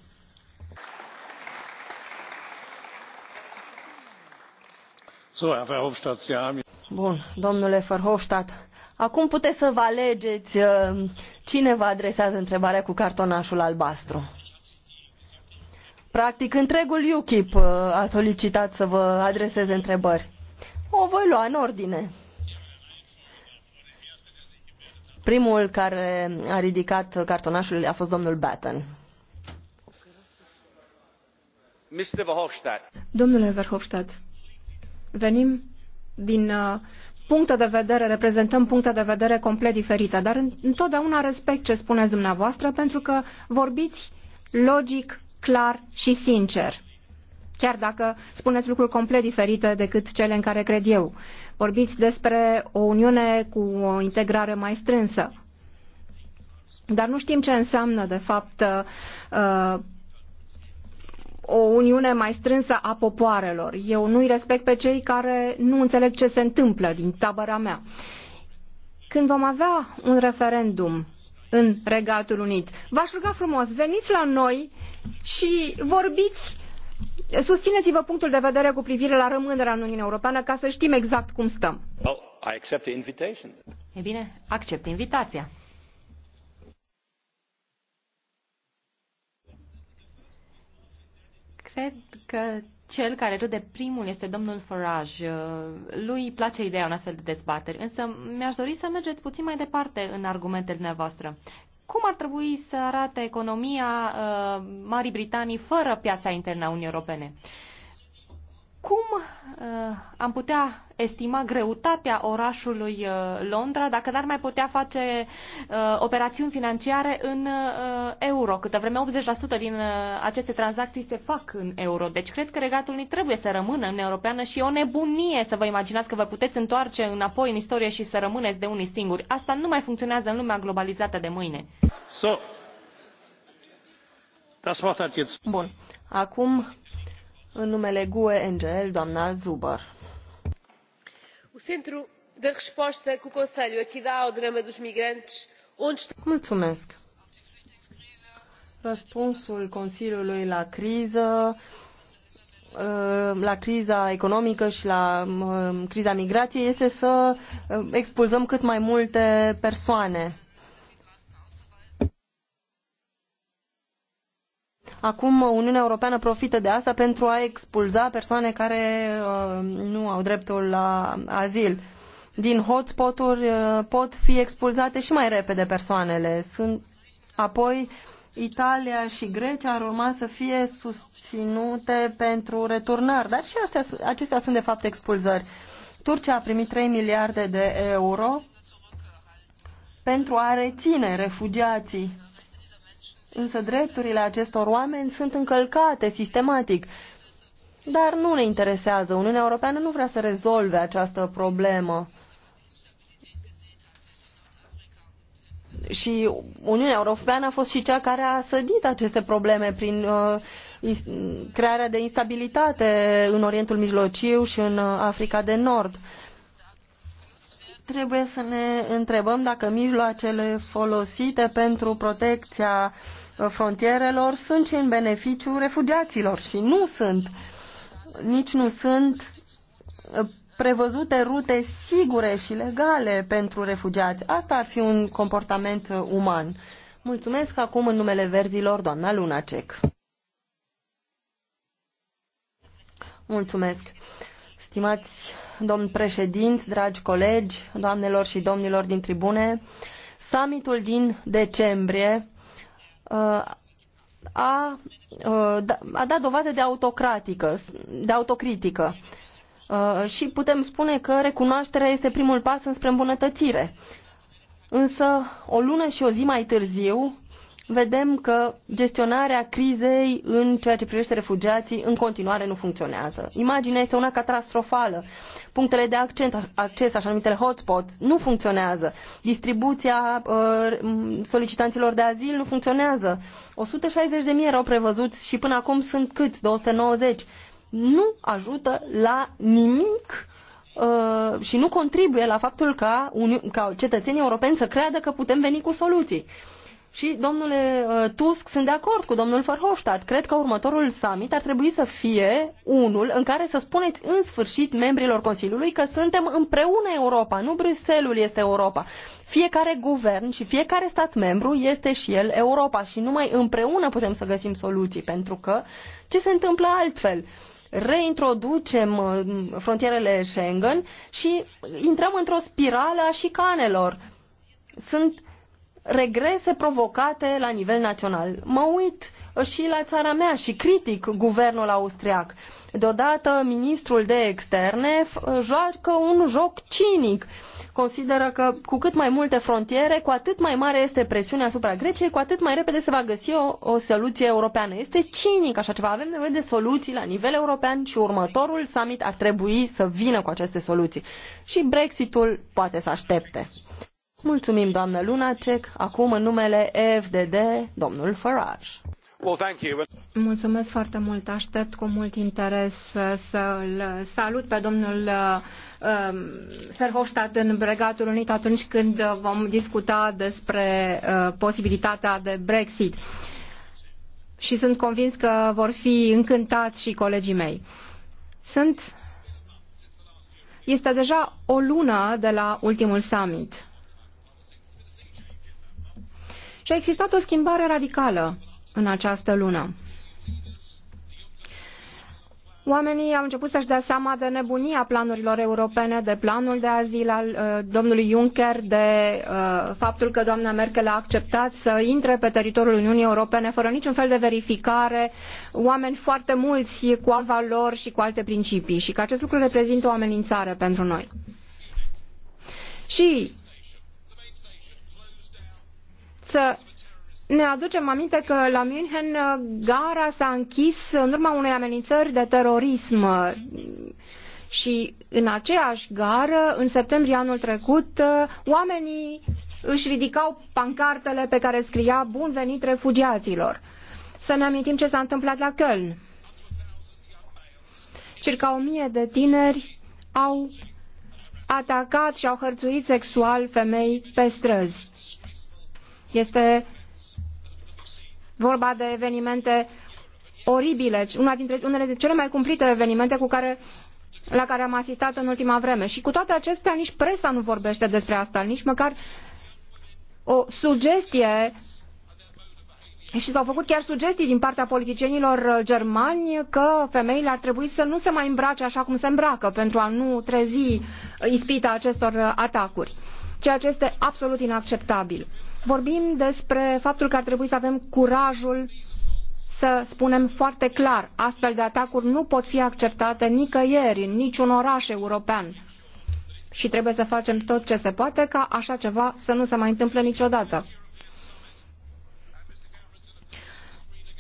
So, Herr Verhofstadt, Sie haben Bun, domnule Verhofstadt, acum puteți să vă alegeți uh, cine vă adresează întrebarea cu cartonașul albastru. Practic, întregul UKIP uh, a solicitat să vă adreseze întrebări. O voi lua în ordine. Primul care a ridicat cartonașul a fost domnul Batten. Domnule Verhofstadt, venim din uh, puncte de vedere, reprezentăm puncte de vedere complet diferite, dar întotdeauna respect ce spuneți dumneavoastră pentru că vorbiți logic, clar și sincer. Chiar dacă spuneți lucruri complet diferite decât cele în care cred eu. Vorbiți despre o uniune cu o integrare mai strânsă. Dar nu știm ce înseamnă, de fapt, uh, o uniune mai strânsă a popoarelor. Eu nu-i respect pe cei care nu înțeleg ce se întâmplă din tabăra mea. Când vom avea un referendum în Regatul Unit, v-aș ruga frumos, veniți la noi și vorbiți Susțineți-vă punctul de vedere cu privire la rămânerea în Uniunea Europeană ca să știm exact cum stăm. Well, I accept the invitation. E bine, accept invitația. Cred că cel care râde primul este domnul Farage. Lui place ideea un astfel de dezbateri, însă mi-aș dori să mergeți puțin mai departe în argumentele dumneavoastră. Cum ar trebui să arate economia uh, Marii Britanii fără piața internă a Uniunii Europene? Uh, cum uh, am putea estima greutatea orașului uh, Londra dacă n-ar mai putea face uh, operațiuni financiare în uh, euro? Câte vreme 80% din uh, aceste tranzacții se fac în euro. Deci cred că Regatul Unit trebuie să rămână în Europeană și e o nebunie să vă imaginați că vă puteți întoarce înapoi în istorie și să rămâneți de unii singuri. Asta nu mai funcționează în lumea globalizată de mâine. So. Das Wort Bun. Acum în numele GUE NGL, doamna Zuber. Mulțumesc. Răspunsul Consiliului la criză, ă, la criza economică și la ă, criza migrației este să ă, expulzăm cât mai multe persoane Acum Uniunea Europeană profită de asta pentru a expulza persoane care uh, nu au dreptul la azil. Din hotspot-uri uh, pot fi expulzate și mai repede persoanele. Sunt... Apoi, Italia și Grecia ar urma să fie susținute pentru returnări, dar și astea, acestea sunt de fapt expulzări. Turcia a primit 3 miliarde de euro pentru a reține refugiații însă drepturile acestor oameni sunt încălcate sistematic. Dar nu ne interesează. Uniunea Europeană nu vrea să rezolve această problemă. Și Uniunea Europeană a fost și cea care a sădit aceste probleme prin uh, crearea de instabilitate în Orientul Mijlociu și în uh, Africa de Nord. Trebuie să ne întrebăm dacă mijloacele folosite pentru protecția uh, frontierelor sunt și în beneficiu refugiaților și nu sunt, nici nu sunt uh, prevăzute rute sigure și legale pentru refugiați. Asta ar fi un comportament uh, uman. Mulțumesc acum în numele verzilor, doamna Lunacek. Mulțumesc. Stimați domn președinți, dragi colegi, doamnelor și domnilor din tribune, summitul din decembrie a, da, a dat dovadă de, autocratică, de autocritică. Și putem spune că recunoașterea este primul pas înspre îmbunătățire. Însă, o lună și o zi mai târziu, vedem că gestionarea crizei în ceea ce privește refugiații în continuare nu funcționează. Imaginea este una catastrofală punctele de accent, acces, așa numitele hotspots, nu funcționează. Distribuția uh, solicitanților de azil nu funcționează. 160 de mii erau prevăzuți și până acum sunt câți? 290. Nu ajută la nimic uh, și nu contribuie la faptul ca, uni- ca cetățenii europeni să creadă că putem veni cu soluții. Uh, și, domnule uh, Tusk, sunt de acord cu domnul Verhofstadt. Cred că următorul summit ar trebui să fie unul în care să spuneți în sfârșit membrilor Consiliului că suntem împreună Europa, nu Bruxelles este Europa. Fiecare guvern și fiecare stat membru este și el Europa și numai împreună putem să găsim soluții, pentru că ce se întâmplă altfel? reintroducem uh, frontierele Schengen și intrăm într-o spirală a șicanelor. Sunt regrese provocate la nivel național. Mă uit și la țara mea și critic guvernul austriac. Deodată, ministrul de externe joacă un joc cinic. Consideră că cu cât mai multe frontiere, cu atât mai mare este presiunea asupra Greciei, cu atât mai repede se va găsi o, o soluție europeană. Este cinic așa ceva. Avem nevoie de soluții la nivel european și următorul summit ar trebui să vină cu aceste soluții. Și Brexitul poate să aștepte. Mulțumim, doamnă Lunacek. Acum, în numele EFDD, domnul Farage. Mulțumesc foarte mult. Aștept cu mult interes să-l salut pe domnul Ferhofstadt um, în Bregatul Unit atunci când vom discuta despre uh, posibilitatea de Brexit. Și sunt convins că vor fi încântați și colegii mei. Sunt... Este deja o lună de la ultimul summit și a existat o schimbare radicală în această lună. Oamenii au început să-și dea seama de nebunia planurilor europene, de planul de azil al uh, domnului Juncker, de uh, faptul că doamna Merkel a acceptat să intre pe teritoriul Uniunii Europene fără niciun fel de verificare, oameni foarte mulți cu valori și cu alte principii și că acest lucru reprezintă o amenințare pentru noi. Și să ne aducem aminte că la München uh, gara s-a închis în urma unei amenințări de terorism. Și în aceeași gară, în septembrie anul trecut, uh, oamenii își ridicau pancartele pe care scria Bun venit refugiaților. Să ne amintim ce s-a întâmplat la Köln. Circa o mie de tineri au atacat și au hărțuit sexual femei pe străzi. Este vorba de evenimente oribile, una dintre unele dintre cele mai cumplite evenimente cu care, la care am asistat în ultima vreme. Și cu toate acestea, nici presa nu vorbește despre asta, nici măcar o sugestie și s-au făcut chiar sugestii din partea politicienilor germani că femeile ar trebui să nu se mai îmbrace așa cum se îmbracă pentru a nu trezi ispita acestor atacuri, ceea ce este absolut inacceptabil. Vorbim despre faptul că ar trebui să avem curajul să spunem foarte clar, astfel de atacuri nu pot fi acceptate nicăieri, în niciun oraș european. Și trebuie să facem tot ce se poate ca așa ceva să nu se mai întâmple niciodată.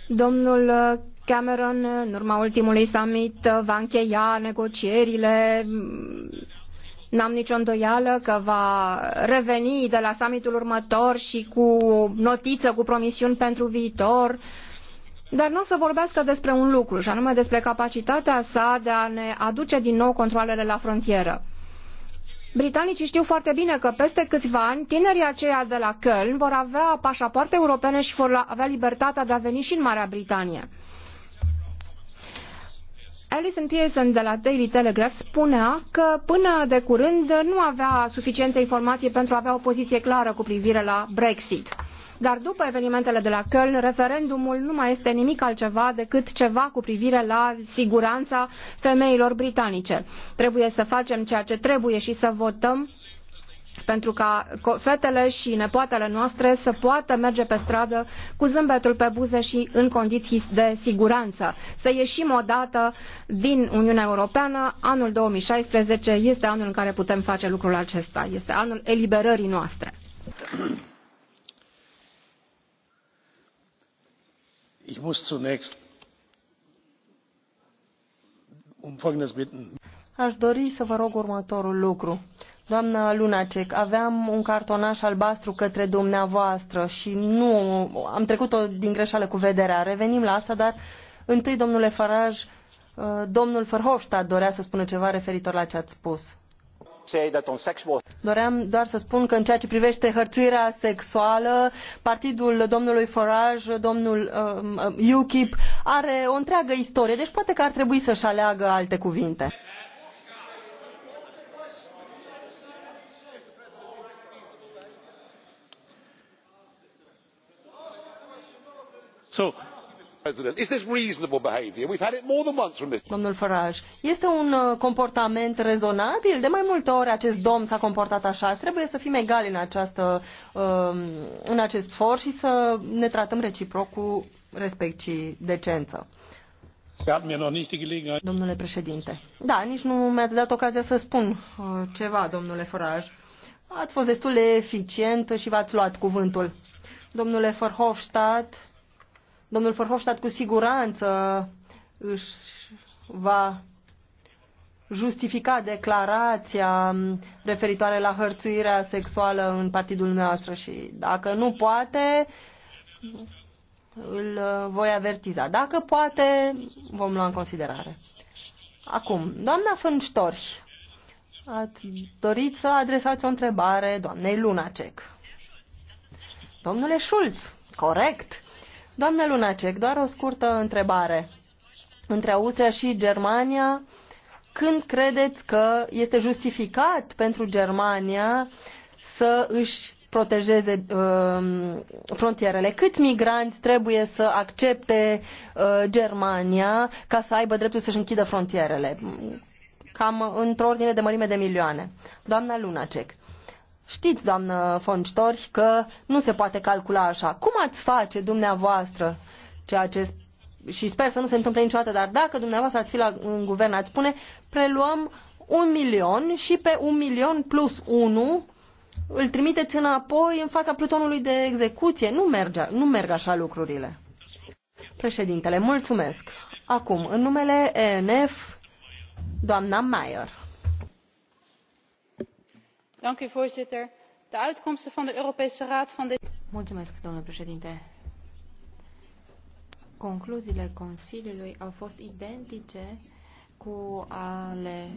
Domnul Cameron, în urma ultimului summit, va încheia negocierile N-am nicio îndoială că va reveni de la summitul următor și cu notiță, cu promisiuni pentru viitor, dar nu o să vorbească despre un lucru, și anume despre capacitatea sa de a ne aduce din nou controlele la frontieră. Britanicii știu foarte bine că peste câțiva ani tinerii aceia de la Köln vor avea pașapoarte europene și vor avea libertatea de a veni și în Marea Britanie. Alison Pearson de la Daily Telegraph spunea că până de curând nu avea suficiente informații pentru a avea o poziție clară cu privire la Brexit. Dar după evenimentele de la Köln, referendumul nu mai este nimic altceva decât ceva cu privire la siguranța femeilor britanice. Trebuie să facem ceea ce trebuie și să votăm pentru ca fetele și nepoatele noastre să poată merge pe stradă cu zâmbetul pe buze și în condiții de siguranță. Să ieșim odată din Uniunea Europeană, anul 2016 este anul în care putem face lucrul acesta, este anul eliberării noastre. Ich muss zunächst um folgendes bitten. Aș dori să vă rog următorul lucru. Doamnă Lunacek, aveam un cartonaș albastru către dumneavoastră și nu am trecut-o din greșeală cu vederea. Revenim la asta, dar întâi, domnule Faraj, uh, domnul Verhofstadt dorea să spună ceva referitor la ce ați spus. Doream doar să spun că în ceea ce privește hărțuirea sexuală, partidul domnului Farage, domnul uh, UKIP, uh, are o întreagă istorie, deci poate că ar trebui să-și aleagă alte cuvinte. Domnule Domnul Farage, este un uh, comportament rezonabil? De mai multe ori acest domn s-a comportat așa. Trebuie să fim egali în, această, um, în acest for și să ne tratăm reciproc cu respect și decență. Domnule președinte, da, nici nu mi-ați dat ocazia să spun uh, ceva, domnule Farage. Ați fost destul de eficient și v-ați luat cuvântul. Domnule Verhofstadt, Domnul Forhofstadt cu siguranță își va justifica declarația referitoare la hărțuirea sexuală în partidul nostru și dacă nu poate, îl voi avertiza. Dacă poate, vom lua în considerare. Acum, doamna Fânștorș, ați dorit să adresați o întrebare doamnei Lunacek. Domnule Schulz, corect. Doamne Lunacek, doar o scurtă întrebare. Între Austria și Germania, când credeți că este justificat pentru Germania să își protejeze uh, frontierele. Câți migranți trebuie să accepte uh, Germania ca să aibă dreptul să-și închidă frontierele? Cam într-o ordine de mărime de milioane. Doamna Lunacek. Știți, doamnă Foncitori, că nu se poate calcula așa. Cum ați face dumneavoastră ceea ce și sper să nu se întâmple niciodată, dar dacă dumneavoastră ați fi la, în guvern, ați spune, preluăm un milion și pe un milion plus unu îl trimiteți înapoi în fața plutonului de execuție. Nu, merge, nu merg așa lucrurile. Președintele, mulțumesc. Acum, în numele ENF, doamna Mayer voorzitter de uitkomsten van de europese raad van domnule președinte concluziile consiliului au fost identice cu ale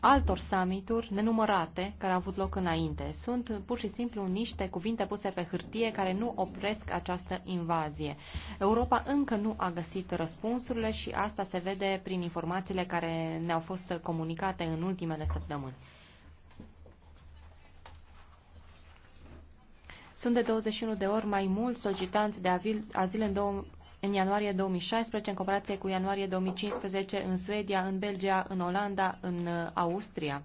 altor summituri nenumărate care au avut loc înainte. Sunt pur și simplu niște cuvinte puse pe hârtie care nu opresc această invazie. Europa încă nu a găsit răspunsurile și asta se vede prin informațiile care ne-au fost comunicate în ultimele săptămâni. Sunt de 21 de ori mai mulți solicitanți de avil, azil în, dou- în ianuarie 2016 în comparație cu ianuarie 2015 în Suedia, în Belgia, în Olanda, în uh, Austria.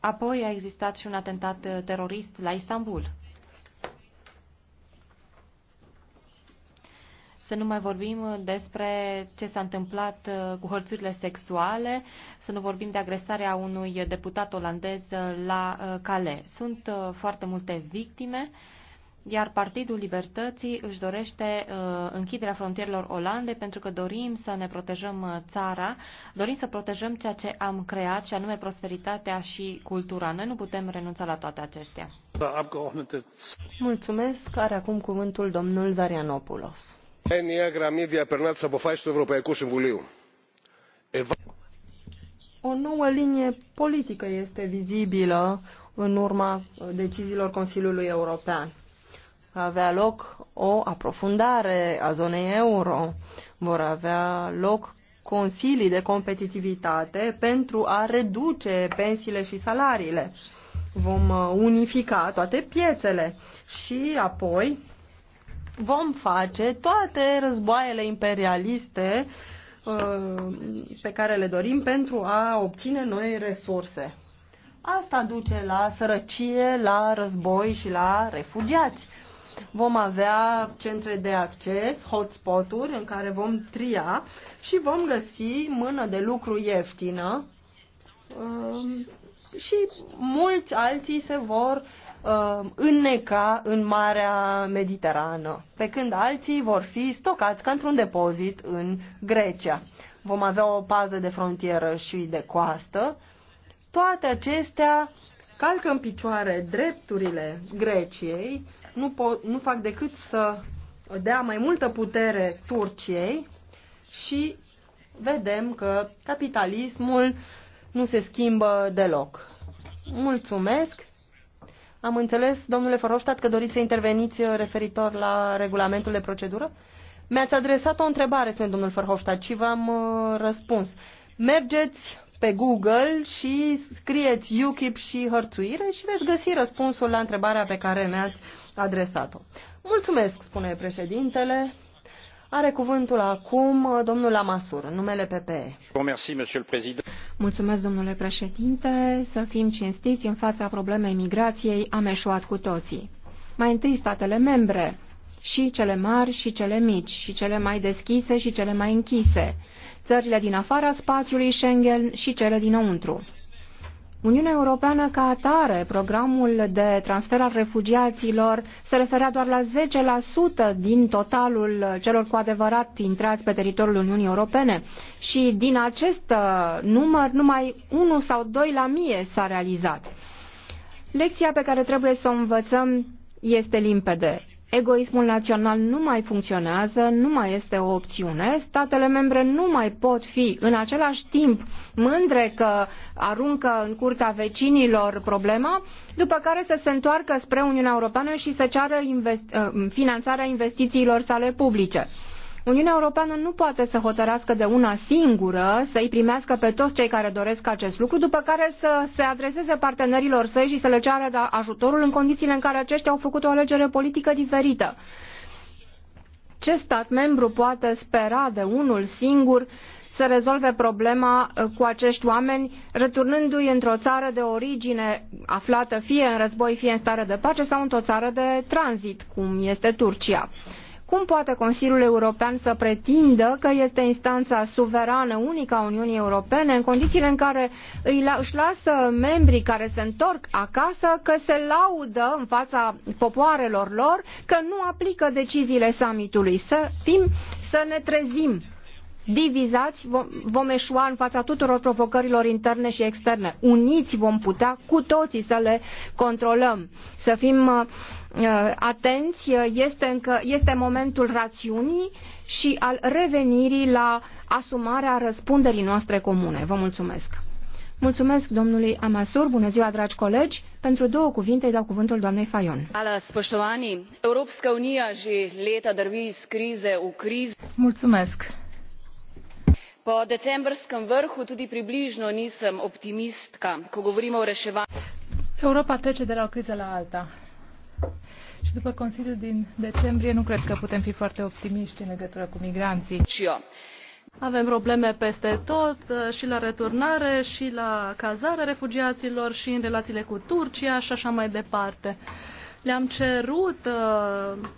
Apoi a existat și un atentat uh, terorist la Istanbul. să nu mai vorbim uh, despre ce s-a întâmplat uh, cu hărțurile sexuale, să nu vorbim de agresarea unui deputat olandez uh, la Cale. Sunt foarte multe victime iar Partidul Libertății își dorește închiderea frontierelor Olandei pentru că dorim să ne protejăm țara, dorim să protejăm ceea ce am creat și anume prosperitatea și cultura. Noi nu putem renunța la toate acestea. Mulțumesc. Are acum cuvântul domnul Zarianopoulos. Έννοια γραμμή τι αποφάσει του Ευρωπαϊκού Συμβουλίου. O nouă linie politică este vizibilă în urma uh, deciziilor Consiliului European. Va avea loc o aprofundare a zonei euro. Vor avea loc consilii de competitivitate pentru a reduce pensiile și salariile. Vom uh, unifica toate piețele și apoi vom face toate războaiele imperialiste uh, pe care le dorim pentru a obține noi resurse. Asta duce la sărăcie, la război și la refugiați. Vom avea centre de acces, hotspot-uri în care vom tria și vom găsi mână de lucru ieftină uh, și mulți alții se vor uh, înneca în Marea Mediterană, pe când alții vor fi stocați ca într-un depozit în Grecia. Vom avea o pază de frontieră și de coastă. Toate acestea calcă în picioare drepturile Greciei, nu, po- nu fac decât să dea mai multă putere Turciei și vedem că capitalismul nu se schimbă deloc. Mulțumesc! Am înțeles, domnule Forhofstadt, că doriți să interveniți uh, referitor la regulamentul de procedură? Mi-ați adresat o întrebare, spune domnul Forhofstadt, și v-am uh, răspuns. Mergeți pe Google și scrieți UKIP și hărțuire și veți găsi răspunsul la întrebarea pe care mi-ați adresat-o. Mulțumesc, spune președintele. Are cuvântul acum uh, domnul Lamasur, în numele PPE. Mulțumesc, domnule președinte. Să fim cinstiți în fața problemei migrației, am eșuat cu toții. Mai întâi statele membre, și cele mari și cele mici, și cele mai deschise și cele mai închise, țările din afara spațiului Schengen și cele dinăuntru. Uniunea Europeană ca atare, programul de transfer al refugiaților, se referea doar la 10% din totalul celor cu adevărat intrați pe teritoriul Uniunii Europene și din acest uh, număr numai 1 sau 2 la mie s-a realizat. Lecția pe care trebuie să o învățăm este limpede egoismul național nu mai funcționează, nu mai este o opțiune, statele membre nu mai pot fi în același timp mândre că aruncă în curtea vecinilor problema, după care să se întoarcă spre Uniunea Europeană și să ceară invest uh, finanțarea investițiilor sale publice. Uniunea Europeană nu poate să hotărească de una singură, să-i primească pe toți cei care doresc acest lucru, după care să se adreseze partenerilor săi și să le ceară da, ajutorul în condițiile în care aceștia au făcut o alegere politică diferită. Ce stat membru poate spera de unul singur să rezolve problema uh, cu acești oameni, returnându-i într-o țară de origine aflată fie în război, fie în stare de pace sau într-o țară de tranzit, cum este Turcia. Cum poate Consiliul European să pretindă că este instanța suverană unică a Uniunii Europene în condițiile în care îi își lasă membrii care se întorc acasă că se laudă în fața popoarelor lor că nu aplică deciziile summitului? Să fim, să ne trezim divizați vom, vom eșua în fața tuturor provocărilor interne și externe. Uniți vom putea cu toții să le controlăm, să fim uh, uh atenți, uh, este, încă, este momentul rațiunii și al revenirii la asumarea răspunderii noastre comune. Vă mulțumesc! Mulțumesc domnului Amasur, bună ziua, dragi colegi. Pentru două cuvinte îi dau cuvântul doamnei Fajon. Mulțumesc! po decembrskem vrhu tudi približno nisem optimistka ko govorimo o reševanju. europa trece de la o criză la alta și după consiliul din decembrie nu cred că putem fi foarte optimiști în legătură cu migranții. Avem probleme peste tot, și la returnare, și la cazarea refugiaților, și în relațiile cu Turcia și așa mai departe. Le-am cerut uh,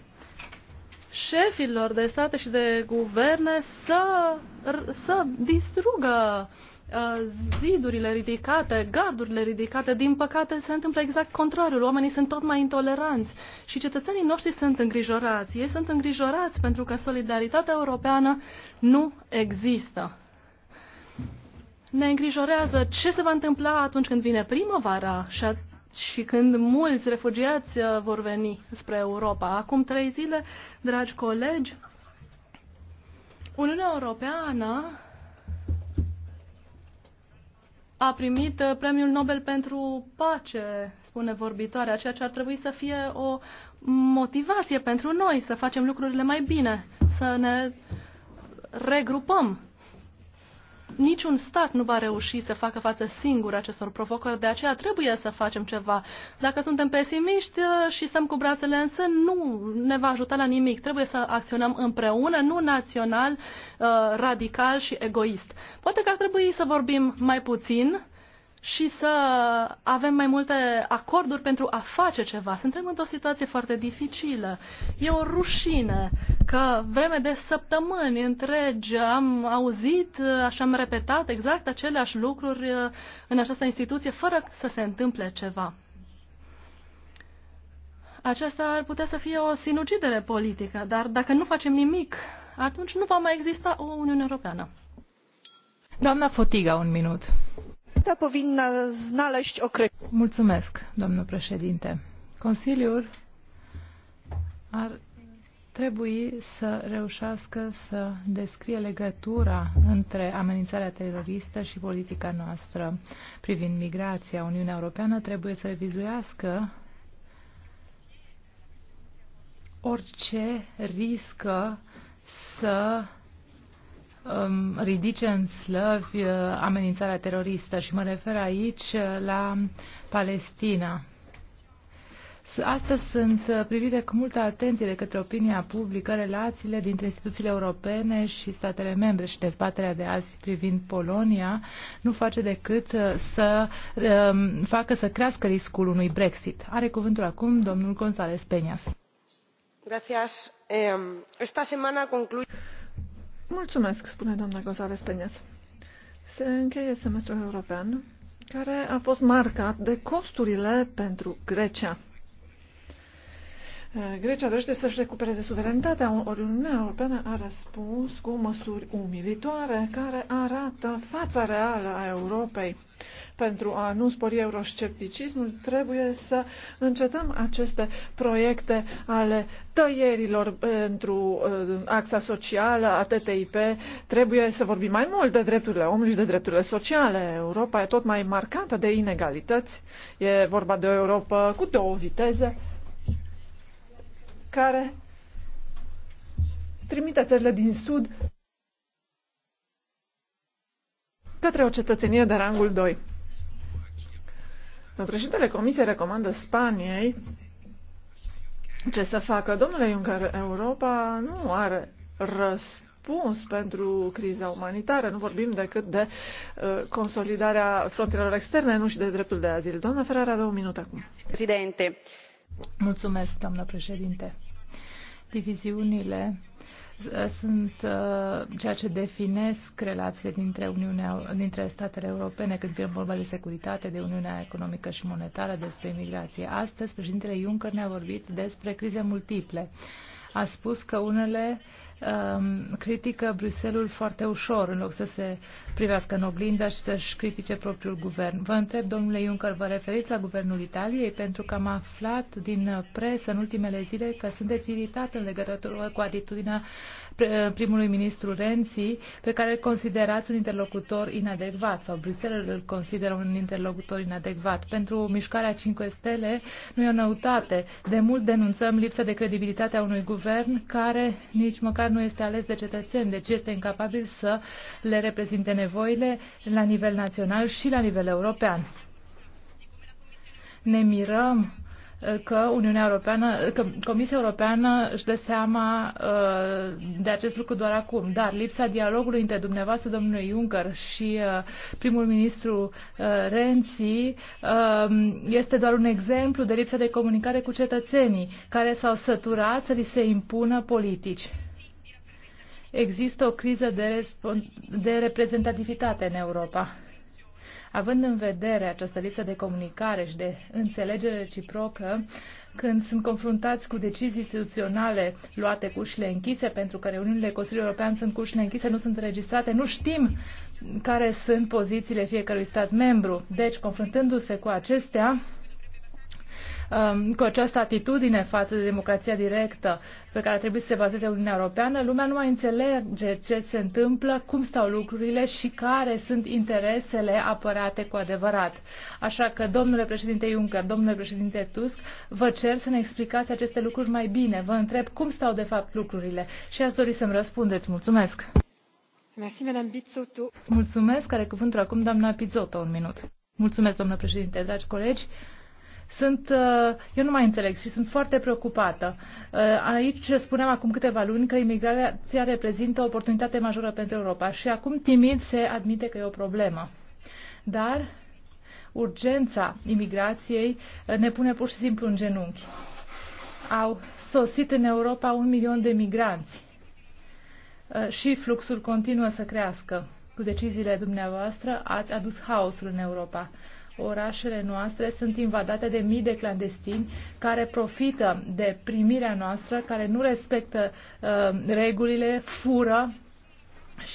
șefilor de state și de guverne să, să distrugă uh, zidurile ridicate, gardurile ridicate. Din păcate se întâmplă exact contrariul. Oamenii sunt tot mai intoleranți și cetățenii noștri sunt îngrijorați. Ei sunt îngrijorați pentru că solidaritatea europeană nu există. Ne îngrijorează ce se va întâmpla atunci când vine primăvara și și când mulți refugiați uh, vor veni spre Europa. Acum trei zile, dragi colegi, Uniunea Europeană a primit uh, premiul Nobel pentru pace, spune vorbitoarea, ceea ce ar trebui să fie o motivație pentru noi să facem lucrurile mai bine, să ne regrupăm niciun stat nu va reuși să facă față singur acestor provocări, de aceea trebuie să facem ceva. Dacă suntem pesimiști uh, și stăm cu brațele în sân, nu ne va ajuta la nimic. Trebuie să acționăm împreună, nu național, uh, radical și egoist. Poate că ar trebui să vorbim mai puțin, și să avem mai multe acorduri pentru a face ceva. Suntem într-o situație foarte dificilă. E o rușine că vreme de săptămâni întregi am auzit și am repetat exact aceleași lucruri uh, în această instituție fără să se întâmple ceva. Aceasta ar putea să fie o sinucidere politică, dar dacă nu facem nimic, atunci nu va mai exista o Uniune Europeană. Doamna Fotiga, un minut acestea powinna znaleźć określenie. Mulțumesc, doamnă președinte. Consiliul ar trebui să reușească să descrie legătura între amenințarea teroristă și politica noastră privind migrația. Uniunea Europeană trebuie să revizuiască orice riscă să um, ridice în slăvi uh, amenințarea teroristă și mă refer aici uh, la Palestina. Astăzi sunt uh, privite cu multă atenție de către opinia publică relațiile dintre instituțiile europene și statele membre și dezbaterea de azi privind Polonia nu face decât uh, să um, facă să crească riscul unui Brexit. Are cuvântul acum domnul González Peñas. Gracias. Eh, um, esta semana concluye. Mulțumesc, spune doamna González Peñas. Se încheie semestrul european, care a fost marcat de costurile pentru Grecia. Eh, Grecia dorește să-și recupereze suveranitatea, ori Uniunea Europeană a răspuns cu măsuri umilitoare care arată fața reală a Europei pentru a nu spori euroscepticismul, trebuie să încetăm aceste proiecte ale tăierilor eh, pentru eh, axa socială a TTIP. Trebuie să vorbim mai mult de drepturile omului și de drepturile sociale. Europa e tot mai marcată de inegalități. E vorba de o Europa cu două viteze care trimite țările din Sud către o cetățenie de rangul 2. Președintele Comisiei recomandă Spaniei ce să facă. Domnule Juncker, Europa nu are răspuns pentru criza umanitară. Nu vorbim decât de uh, consolidarea frontierelor externe, nu și de dreptul de azil. Doamna Ferrara, două minute acum. Președinte. Mulțumesc, doamnă președinte. Diviziunile sunt uh, ceea ce definesc relațiile dintre, Uniunea, dintre statele europene când vine vorba de securitate, de Uniunea Economică și Monetară, despre imigrație. Astăzi, președintele Juncker ne-a vorbit despre crize multiple. A spus că unele uh, Um, critică Bruselul foarte ușor, în loc să se privească în oglindă și să-și critique propriul guvern. Vă întreb, domnule Juncker, vă referiți la guvernul Italiei? Pentru că am aflat din presă în ultimele zile că sunteți iritat în legătură cu atitudinea uh, primului ministru Renzi, pe care îl considerați un interlocutor inadecvat sau Bruxelles îl consideră un interlocutor inadecvat. Pentru mișcarea 5 stele nu e o noutate. De mult denunțăm lipsa de credibilitate a unui guvern care nici măcar nu este ales de cetățeni, deci este incapabil să le reprezinte nevoile la nivel național și la nivel european. Ne mirăm că Uniunea Europeană, că Comisia Europeană își dă seama uh, de acest lucru doar acum, dar lipsa dialogului între dumneavoastră, domnul Juncker și uh, primul ministru uh, Renzi um, este doar un exemplu de lipsa de comunicare cu cetățenii care s-au săturat să li se impună politici. Există o criză de, de reprezentativitate în Europa Având în vedere această lipsă de comunicare și de înțelegere reciprocă, când sunt confruntați cu decizii instituționale luate cu ușile închise, pentru că reuniunile Consiliului European sunt cu ușile închise, nu sunt înregistrate, nu știm care sunt pozițiile fiecărui stat membru. Deci, confruntându-se cu acestea, Um, cu această atitudine față de democrația directă pe care trebuie să se bazeze Uniunea Europeană, lumea nu mai înțelege ce se întâmplă, cum stau lucrurile și care sunt interesele apărate cu adevărat. Așa că, domnule președinte Juncker, domnule președinte Tusk, vă cer să ne explicați aceste lucruri mai bine. Vă întreb cum stau de fapt lucrurile și ați dori să-mi răspundeți. Mulțumesc! Mulțumesc. Are cuvântul acum doamna Pizzotto, un minut. Mulțumesc, domnule președinte, dragi colegi. Sunt, uh, eu nu mai înțeleg și sunt foarte preocupată. Uh, aici spuneam acum câteva luni că imigrația reprezintă o oportunitate majoră pentru Europa și acum timid se admite că e o problemă. Dar urgența imigrației uh, ne pune pur și simplu în genunchi. Au sosit în Europa un milion de migranți și fluxul continuă să crească. Cu deciziile dumneavoastră ați adus haosul în Europa orașele noastre sunt invadate de mii de clandestini care profită de primirea noastră, care nu respectă uh, regulile, fură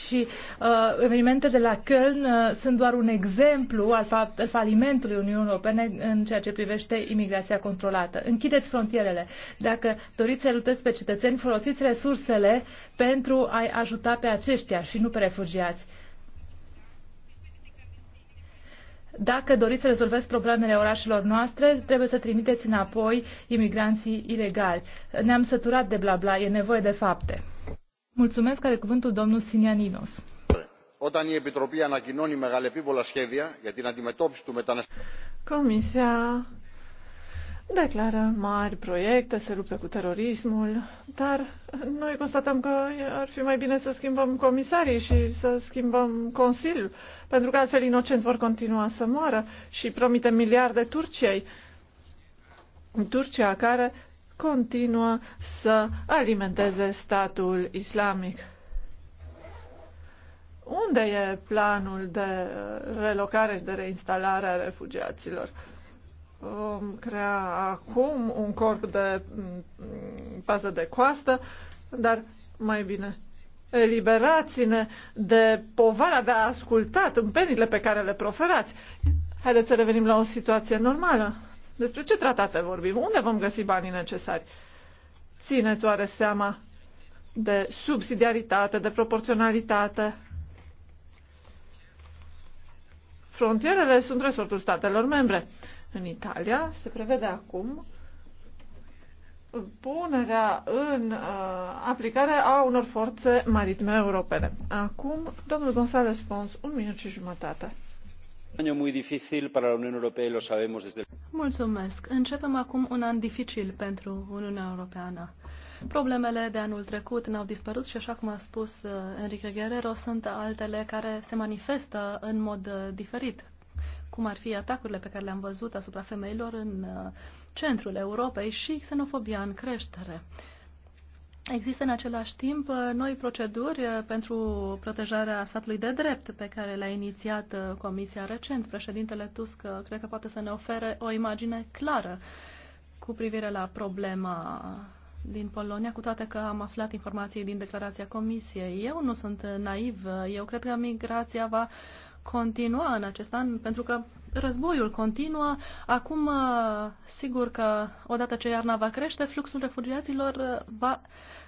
și uh, evenimentele de la Köln uh, sunt doar un exemplu al, fa- al falimentului Uniunii Europene în ceea ce privește imigrația controlată. Închideți frontierele. Dacă doriți să luteți pe cetățeni, folosiți resursele pentru a-i ajuta pe aceștia și nu pe refugiați. Dacă doriți să rezolvați problemele orașelor noastre, trebuie să trimiteți înapoi imigranții ilegali. Ne-am săturat de bla bla, e nevoie de fapte. Mulțumesc, are cuvântul domnul Sinianinos. Όταν η Επιτροπή ανακοινώνει μεγάλα επίβολα σχέδια για την αντιμετώπιση του μεταναστευτικού. Comisia declară mari proiecte, se luptă cu terorismul, dar noi constatăm că ar fi mai bine să schimbăm comisarii și să schimbăm Consiliul, pentru că altfel inocenți vor continua să moară și promite miliarde Turciei. Turcia care continuă să alimenteze statul islamic. Unde e planul de relocare și de reinstalare a refugiaților? um, crea acum un corp de mm, bază pază de coastă, dar mai bine eliberați-ne de povara de a asculta tâmpenile pe care le proferați. Haideți să revenim la o situație normală. Despre ce tratate vorbim? Unde vom găsi banii necesari? Țineți oare seama de subsidiaritate, de proporționalitate? Frontierele sunt resortul statelor membre în Italia. Se prevede acum punerea în uh, aplicare a unor forțe maritime europene. Acum, domnul González Pons, un minut și jumătate. Mulțumesc. Începem acum un an dificil pentru Uniunea Europeană. Problemele de anul trecut n-au dispărut și, așa cum a spus uh, Enrique Guerrero, sunt altele care se manifestă în mod uh, diferit cum ar fi atacurile pe care le-am văzut asupra femeilor în uh, centrul Europei și xenofobia în creștere. Există în același timp uh, noi proceduri uh, pentru protejarea statului de drept pe care le-a inițiat Comisia recent. Președintele Tusk cred că poate să ne ofere o imagine clară cu privire la problema din Polonia, cu toate că am aflat informații din declarația Comisiei. Eu nu sunt naiv. Eu cred că migrația va continua în acest an, pentru că războiul continuă. Acum, uh, sigur că odată ce iarna va crește, fluxul refugiaților uh, va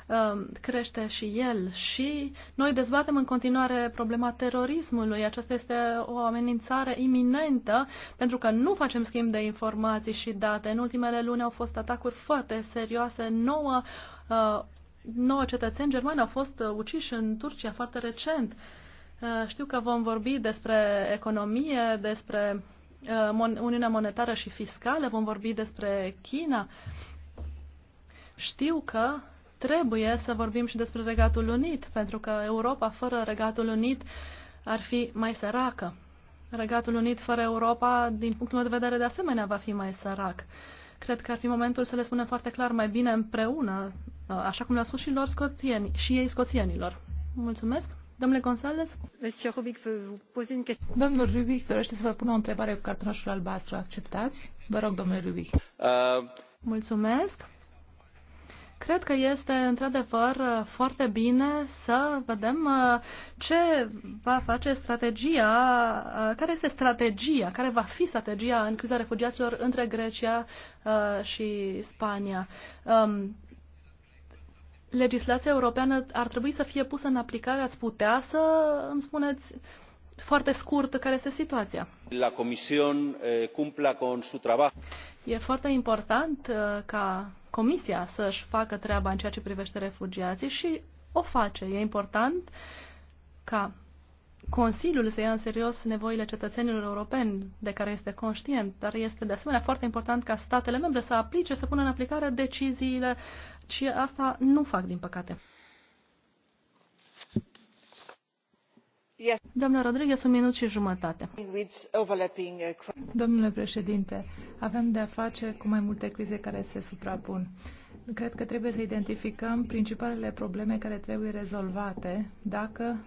uh, crește și el. Și noi dezbatem în continuare problema terorismului. Aceasta este o amenințare iminentă pentru că nu facem schimb de informații și date. În ultimele luni au fost atacuri foarte serioase, nouă, nouă cetățeni germani au fost uciși în Turcia foarte recent. Uh, Uh, știu că vom vorbi despre economie, despre uh, Uniunea Monetară și Fiscală, vom vorbi despre China. Știu că trebuie să vorbim și despre Regatul Unit, pentru că Europa fără Regatul Unit ar fi mai săracă. Regatul Unit fără Europa, din punctul meu de vedere, de asemenea va fi mai sărac. Cred că ar fi momentul să le spunem foarte clar mai bine împreună, uh, așa cum le-au spus și lor scoțieni, și ei scoțienilor. Mulțumesc! Domnule Gonzales? Domnul Rubic dorește să vă pună o întrebare cu cartonașul albastru. Acceptați? Vă rog, domnule Rubic. Uh... Mulțumesc. Cred că este într-adevăr uh, foarte bine să vedem uh, ce va face strategia, uh, care este strategia, care va fi strategia în criza refugiaților între Grecia și Spania. Um, legislația europeană ar trebui să fie pusă în aplicare? Ați putea să îmi spuneți foarte scurt care este situația? La comision eh, cumpla con su trabajo. E foarte important eh, ca Comisia să-și facă treaba în ceea ce privește refugiații și o face. E important ca Consiliul să ia în serios nevoile cetățenilor europeni de care este conștient, dar este de asemenea foarte important ca statele membre să aplice, să pună în aplicare deciziile și asta nu fac, din păcate. Doamna Rodriguez, un minut și jumătate. Uh, Domnule președinte, avem de-a face cu mai multe crize care se suprapun. Cred că trebuie să identificăm principalele probleme care trebuie rezolvate dacă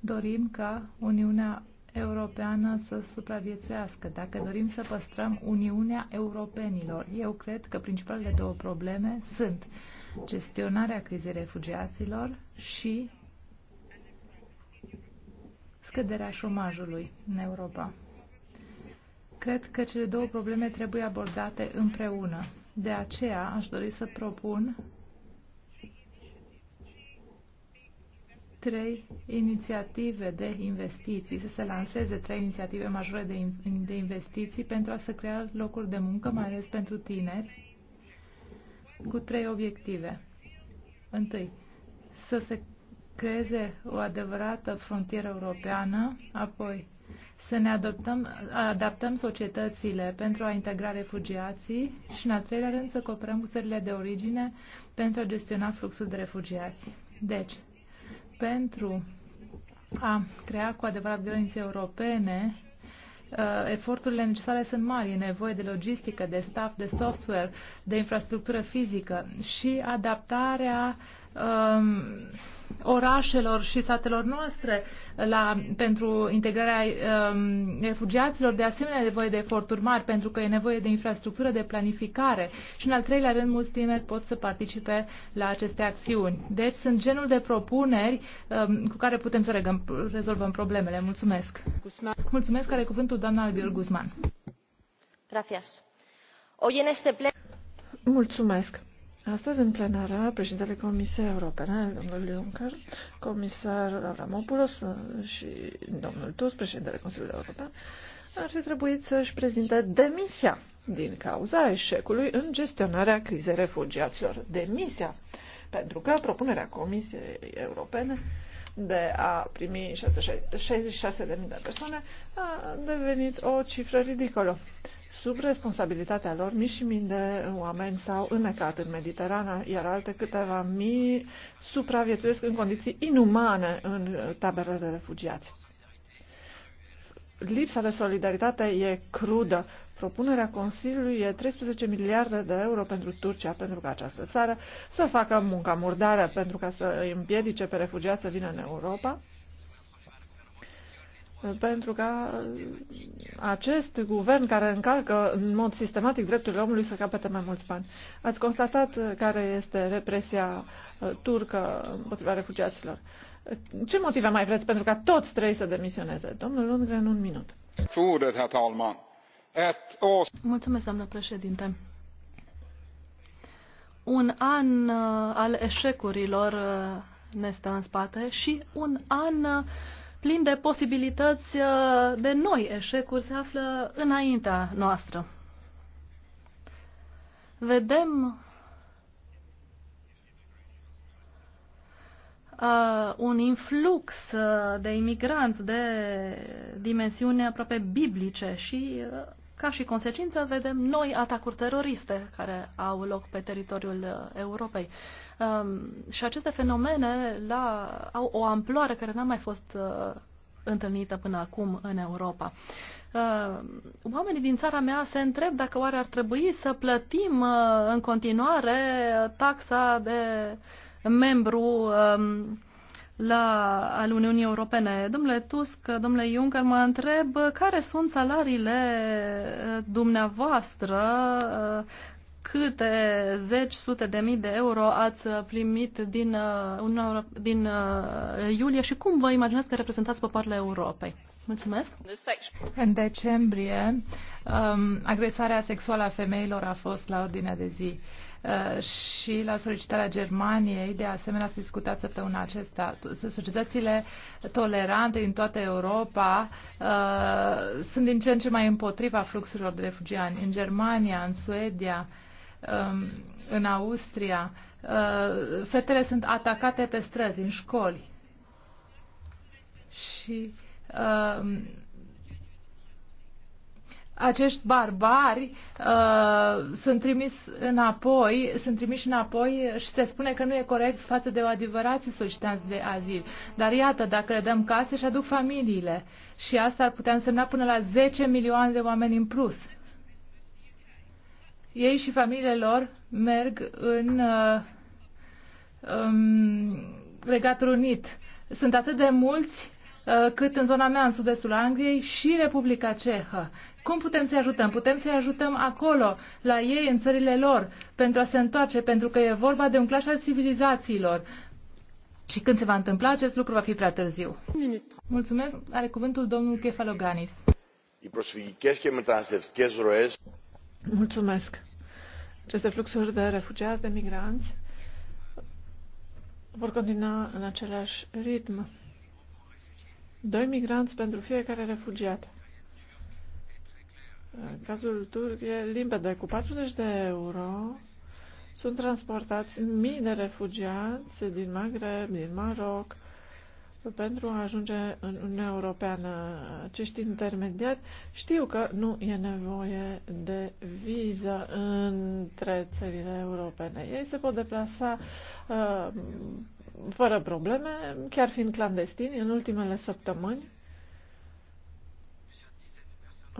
dorim ca Uniunea europeană să supraviețuiască, dacă dorim să păstrăm Uniunea Europenilor. Eu cred că principalele două probleme sunt gestionarea crizei refugiaților și scăderea șomajului în Europa. Cred că cele două probleme trebuie abordate împreună. De aceea aș dori să propun trei inițiative de investiții, să se lanseze trei inițiative majore de, de investiții pentru a se crea locuri de muncă, mai ales pentru tineri, cu trei obiective. Întâi, să se creeze o adevărată frontieră europeană, apoi să ne adoptăm, adaptăm societățile pentru a integra refugiații și, în al treilea rând, să cooperăm cu țările de origine pentru a gestiona fluxul de refugiați. Deci, pentru a crea cu adevărat granițe europene, uh, eforturile necesare sunt mari. E nevoie de logistică, de staff, de software, de infrastructură fizică și adaptarea uh, Um, orașelor și satelor noastre la, pentru integrarea um, refugiaților. De asemenea, e nevoie de eforturi mari pentru că e nevoie de infrastructură, de planificare și, în al treilea rând, mulți tineri pot să participe la aceste acțiuni. Deci sunt genul de propuneri um, cu care putem să regăm, rezolvăm problemele. Mulțumesc! Mulțumesc! Are cuvântul doamna Albiol Guzman. Gracias. Hoy en este Mulțumesc! Astăzi, în plenară, președintele Comisiei Europene, domnul Juncker, comisar Avramopoulos uh, și domnul Tus, președintele Consiliului European, ar fi trebuit să-și prezinte demisia din cauza eșecului în gestionarea crizei refugiaților. Demisia, pentru că propunerea Comisiei Europene de a primi 66.000 de persoane a devenit o cifră ridicolă. Sub responsabilitatea lor, mii și mii de oameni s-au înnecat în Mediterana, iar alte câteva mii supraviețuiesc în condiții inumane în taberele de refugiați. Lipsa de solidaritate e crudă. Propunerea Consiliului e 13 miliarde de euro pentru Turcia, pentru ca această țară să facă munca murdare, pentru ca să îi împiedice pe refugiați să vină în Europa pentru ca uh, acest guvern care încalcă în mod sistematic drepturile omului să capete mai mulți bani. Ați constatat uh, care este represia uh, turcă împotriva refugiaților. Ce motive mai vreți pentru ca toți trei să demisioneze? Domnul Lundgren, un minut. Mulțumesc, doamnă președinte. Un an al eșecurilor ne stă în spate și un an plin de posibilități uh, de noi eșecuri, se află înaintea noastră. Vedem uh, un influx uh, de imigranți de dimensiune aproape biblice și, uh, ca și consecință, vedem noi atacuri teroriste care au loc pe teritoriul uh, Europei. Um, și aceste fenomene la, au o amploare care n-a mai fost uh, întâlnită până acum în Europa. Uh, oamenii din țara mea se întreb dacă oare ar trebui să plătim uh, în continuare taxa de membru um, la, al Uniunii Europene. Domnule Tusk, domnule Juncker, mă întreb care sunt salariile uh, dumneavoastră uh, câte zeci, sute de mii de euro ați primit din, uh, din uh, iulie și cum vă imaginați că reprezentați poporul Europei? Mulțumesc. În decembrie, um, agresarea sexuală a femeilor a fost la ordinea de zi uh, și la solicitarea Germaniei, de asemenea, să discutați săptămâna acesta. Societățile tolerante din toată Europa uh, sunt din ce în ce mai împotriva fluxurilor de refugiani. În Germania, în Suedia, uh, Um, în Austria. Uh, fetele sunt atacate pe străzi, în școli. Și um, acești barbari uh, sunt trimis înapoi, sunt trimiși înapoi și se spune că nu e corect față de o adevărație solicitanți de azil. Dar iată, dacă le dăm case și aduc familiile și asta ar putea însemna până la 10 milioane de oameni în plus. Ei și familiile lor merg în uh, um, Regatul Unit. Sunt atât de mulți uh, cât în zona mea, în sud-estul Angliei, și Republica Cehă. Cum putem să-i ajutăm? Putem să-i ajutăm acolo, la ei, în țările lor, pentru a se întoarce, pentru că e vorba de un claș al civilizațiilor. Și când se va întâmpla acest lucru, va fi prea târziu. Mulțumesc. Are cuvântul domnul Kefaloganis. Mulțumesc. Aceste fluxuri de refugiați, de migranți, vor continua în același ritm. Doi migranți pentru fiecare refugiat. În cazul turc e limpede. Cu 40 de euro sunt transportați mii de refugiați din Maghreb, din Maroc, pentru a ajunge în Uniunea Europeană. Acești intermediari știu că nu e nevoie de viză între țările europene. Ei se pot deplasa uh, fără probleme, chiar fiind clandestini. În ultimele săptămâni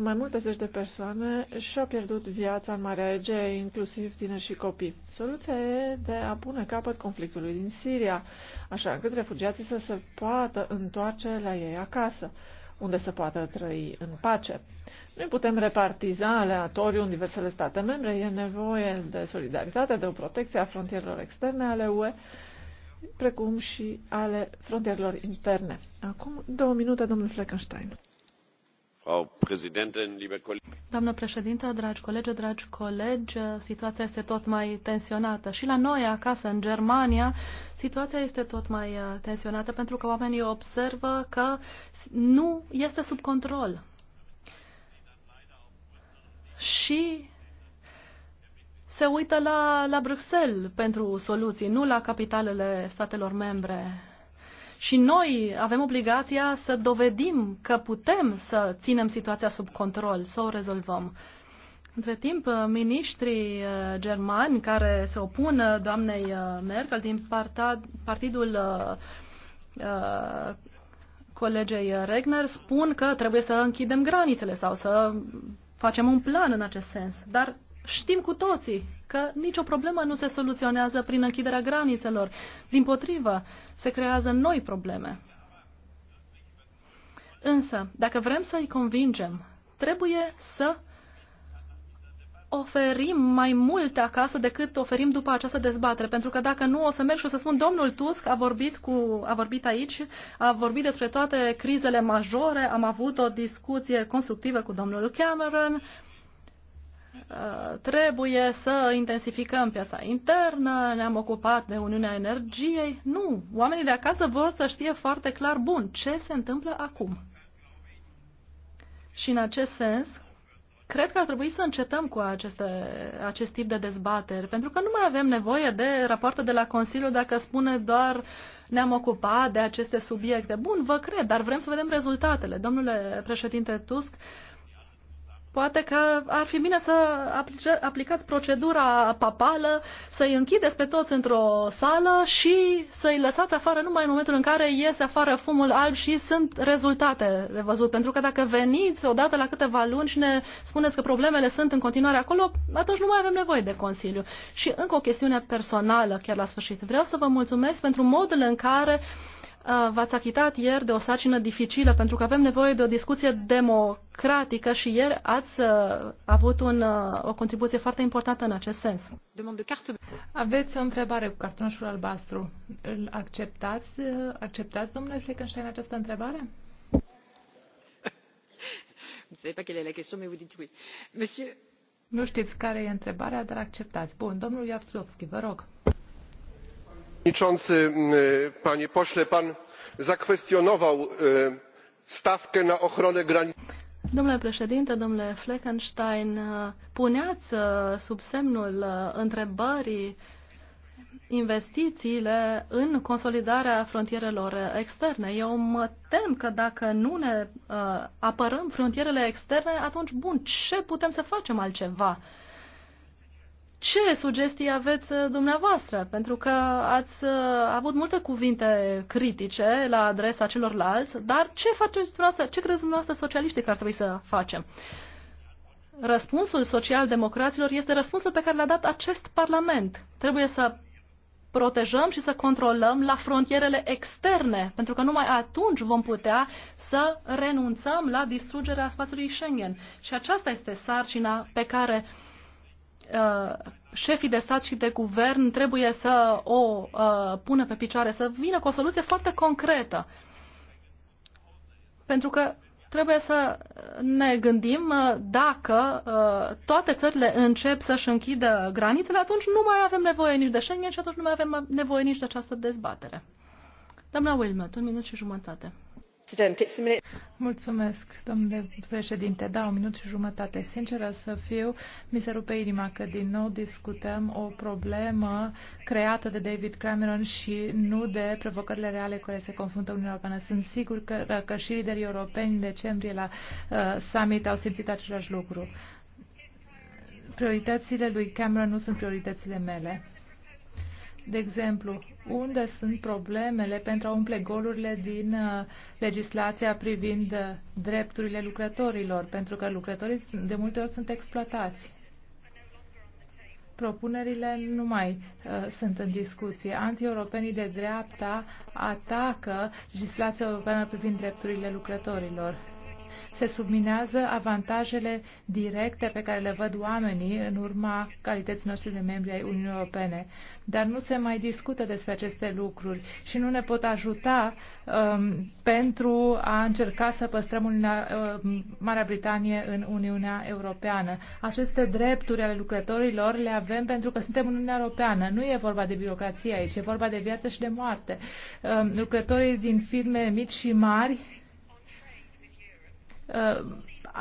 mai multe zeci de persoane și-au pierdut viața în Marea Egee, inclusiv tineri și copii. Soluția e de a pune capăt conflictului din Siria, așa încât refugiații să se poată întoarce la ei acasă, unde să poată trăi în pace. Nu putem repartiza aleatoriu în diversele state membre, e nevoie de solidaritate, de o protecție a frontierelor externe ale UE, precum și ale frontierelor interne. Acum două minute, domnul Fleckenstein. Doamnă președintă, dragi colegi, dragi colegi, situația este tot mai tensionată. Și la noi, acasă, în Germania, situația este tot mai uh, tensionată pentru că oamenii observă că nu este sub control. Și se uită la, la Bruxelles pentru soluții, nu la capitalele statelor membre și noi avem obligația să dovedim că putem să ținem situația sub control, să o rezolvăm. Între timp, miniștrii uh, germani care se opun uh, doamnei uh, Merkel din parta, partidul colegei Regner spun că trebuie să închidem granițele sau să facem un plan în acest sens. Dar știm cu toții că nicio problemă nu se soluționează prin închiderea granițelor. Din potrivă, se creează noi probleme. Însă, dacă vrem să-i convingem, trebuie să oferim mai multe acasă decât oferim după această dezbatere. Pentru că dacă nu, o să merg și o să spun, domnul Tusk a vorbit, cu, a vorbit aici, a vorbit despre toate crizele majore, am avut o discuție constructivă cu domnul Cameron, Uh, trebuie să intensificăm piața internă, ne-am ocupat de Uniunea Energiei. Nu, oamenii de acasă vor să știe foarte clar, bun, ce se întâmplă acum. Și în acest sens, cred că ar trebui să încetăm cu aceste, acest tip de dezbateri, pentru că nu mai avem nevoie de rapoarte de la Consiliu dacă spune doar ne-am ocupat de aceste subiecte. Bun, vă cred, dar vrem să vedem rezultatele. Domnule președinte Tusk, uh, Poate că ar fi bine să aplice, aplicați procedura papală, să-i închideți pe toți într-o sală și să-i lăsați afară numai în momentul în care iese afară fumul alb și sunt rezultate de văzut. Pentru că dacă veniți odată la câteva luni și ne spuneți că problemele sunt în continuare acolo, atunci nu mai avem nevoie de Consiliu. Și încă o chestiune personală, chiar la sfârșit. Vreau să vă mulțumesc pentru modul în care uh, v-ați achitat ieri de o sarcină dificilă, pentru că avem nevoie de o discuție democratică și ieri ați avut un, o contribuție foarte importantă în acest sens. Aveți o întrebare cu cartonașul albastru. Îl acceptați, acceptați domnule Fleckenstein, această întrebare? <laughs> Nu știți care e întrebarea, dar acceptați. Bun, domnul Iavțovski, vă rog przewodniczący! panie pośle! pan zakwestionował stawkę na ochronę granic. domnule președinte domnule fleckenstein puneați sub semnul întrebării investițiile în consolidarea frontierelor externe. Eu mă tem că dacă nu ne apărăm frontierele externe, atunci, bun, ce putem să facem altceva? Uh, ce sugestii aveți uh, dumneavoastră? Pentru că ați uh, avut multe cuvinte critice la adresa celorlalți, dar ce faceți dumneavoastră, ce credeți dumneavoastră socialiștii că ar trebui să facem? Răspunsul social-democraților este răspunsul pe care l-a dat acest Parlament. Trebuie să protejăm și să controlăm la frontierele externe, pentru că numai atunci vom putea să renunțăm la distrugerea spațiului Schengen. Și aceasta este sarcina pe care uh, Uh, șefii de stat și de guvern trebuie să o uh, pună pe picioare, să vină cu o soluție foarte concretă. Pentru că trebuie să ne gândim uh, dacă uh, toate țările încep să-și închidă granițele, atunci nu mai avem nevoie nici de Schengen și atunci nu mai avem nevoie nici de această dezbatere. Doamna Wilmot, un minut și jumătate. Mulțumesc, domnule președinte. Da, un minut și jumătate. Sinceră să fiu, mi se rupe inima că din nou discutăm o problemă creată de David Cameron și nu de provocările reale cu care se confruntă Uniunea Europeană. Sunt sigur că, că și liderii europeni în decembrie la uh, summit au simțit același lucru. Prioritățile lui Cameron nu sunt prioritățile mele. De exemplu, unde sunt problemele pentru a umple golurile din uh, legislația privind uh, drepturile lucrătorilor, pentru că lucrătorii de multe ori sunt exploatați. Propunerile nu mai uh, sunt în discuție. Antieuropenii de dreapta atacă legislația europeană privind drepturile lucrătorilor se subminează avantajele directe pe care le văd oamenii în urma calității noastre de membri ai Uniunii Europene. Dar nu se mai discută despre aceste lucruri și nu ne pot ajuta um, pentru a încerca să păstrăm Uniunea, uh, Marea Britanie în Uniunea Europeană. Aceste drepturi ale lucrătorilor le avem pentru că suntem în Uniunea Europeană. Nu e vorba de birocrație aici, e vorba de viață și de moarte. Um, lucrătorii din firme mici și mari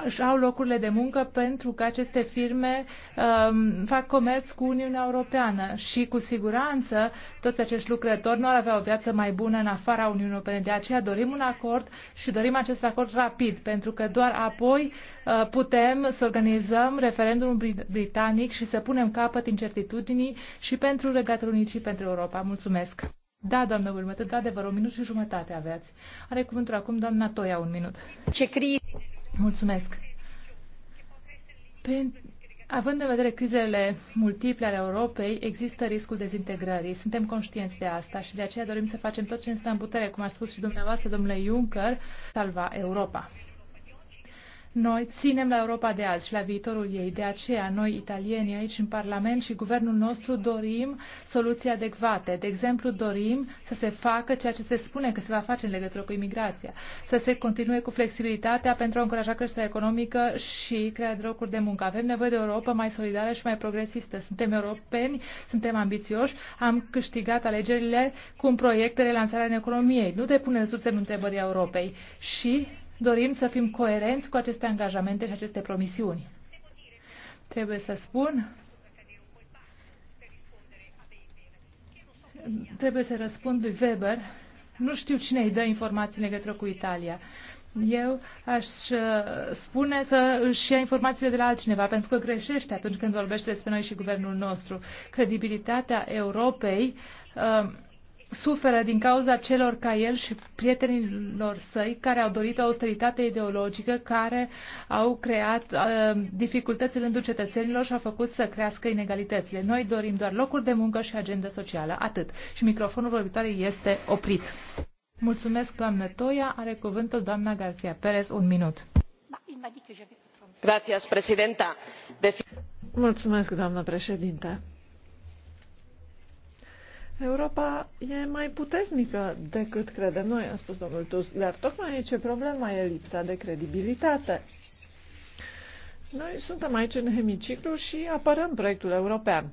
își uh, au locurile de muncă pentru că aceste firme um, fac comerț cu Uniunea Europeană și cu siguranță toți acești lucrători nu ar avea o viață mai bună în afara Uniunii Europene. De aceea dorim un acord și dorim acest acord rapid, pentru că doar apoi uh, putem să organizăm referendumul britanic și să punem capăt incertitudinii și pentru Regatul Unit și pentru Europa. Mulțumesc! Da, doamnă Bulmătă, într-adevăr, un minut și jumătate aveați. Are cuvântul acum doamna Toia, un minut. Ce crize? Mulțumesc. Pe... Având în vedere crizele multiple ale Europei, există riscul dezintegrării. Suntem conștienți de asta și de aceea dorim să facem tot ce ne stă în putere, cum a spus și dumneavoastră, domnule Juncker, salva Europa. Noi ținem la Europa de azi și la viitorul ei. De aceea, noi, italieni aici în Parlament și guvernul nostru, dorim soluții adecvate. De exemplu, dorim să se facă ceea ce se spune că se va face în legătură cu imigrația, să se continue cu flexibilitatea pentru a încuraja creșterea economică și crearea de locuri de muncă. Avem nevoie de Europa mai solidară și mai progresistă. Suntem europeni, suntem ambițioși, am câștigat alegerile cu un proiect de relansare în economiei. Nu depune sub semnul întrebării Europei. Și dorim să fim coerenți cu aceste angajamente și aceste promisiuni. Trebuie să spun trebuie să răspund lui Weber. Nu știu cine îi dă informații în legătură cu Italia. Eu aș uh, spune să își ia informațiile de la altcineva, pentru că greșește atunci când vorbește despre noi și guvernul nostru. Credibilitatea Europei uh, suferă din cauza celor ca el și prietenilor săi care au dorit o austeritate ideologică, care au creat uh, dificultăți în rândul cetățenilor și au făcut să crească inegalitățile. Noi dorim doar locuri de muncă și agenda socială. Atât. Și microfonul vorbitoare este oprit. Mulțumesc, doamnă Toia. Are cuvântul doamna Garcia Perez. Un minut. Gracias, presidenta. Mulțumesc, doamnă președinte Europa e mai puternică decât credem noi, a spus domnul Tusk, dar tocmai aici problema e lipsa de credibilitate. Noi suntem aici în hemiciclu și apărăm proiectul european.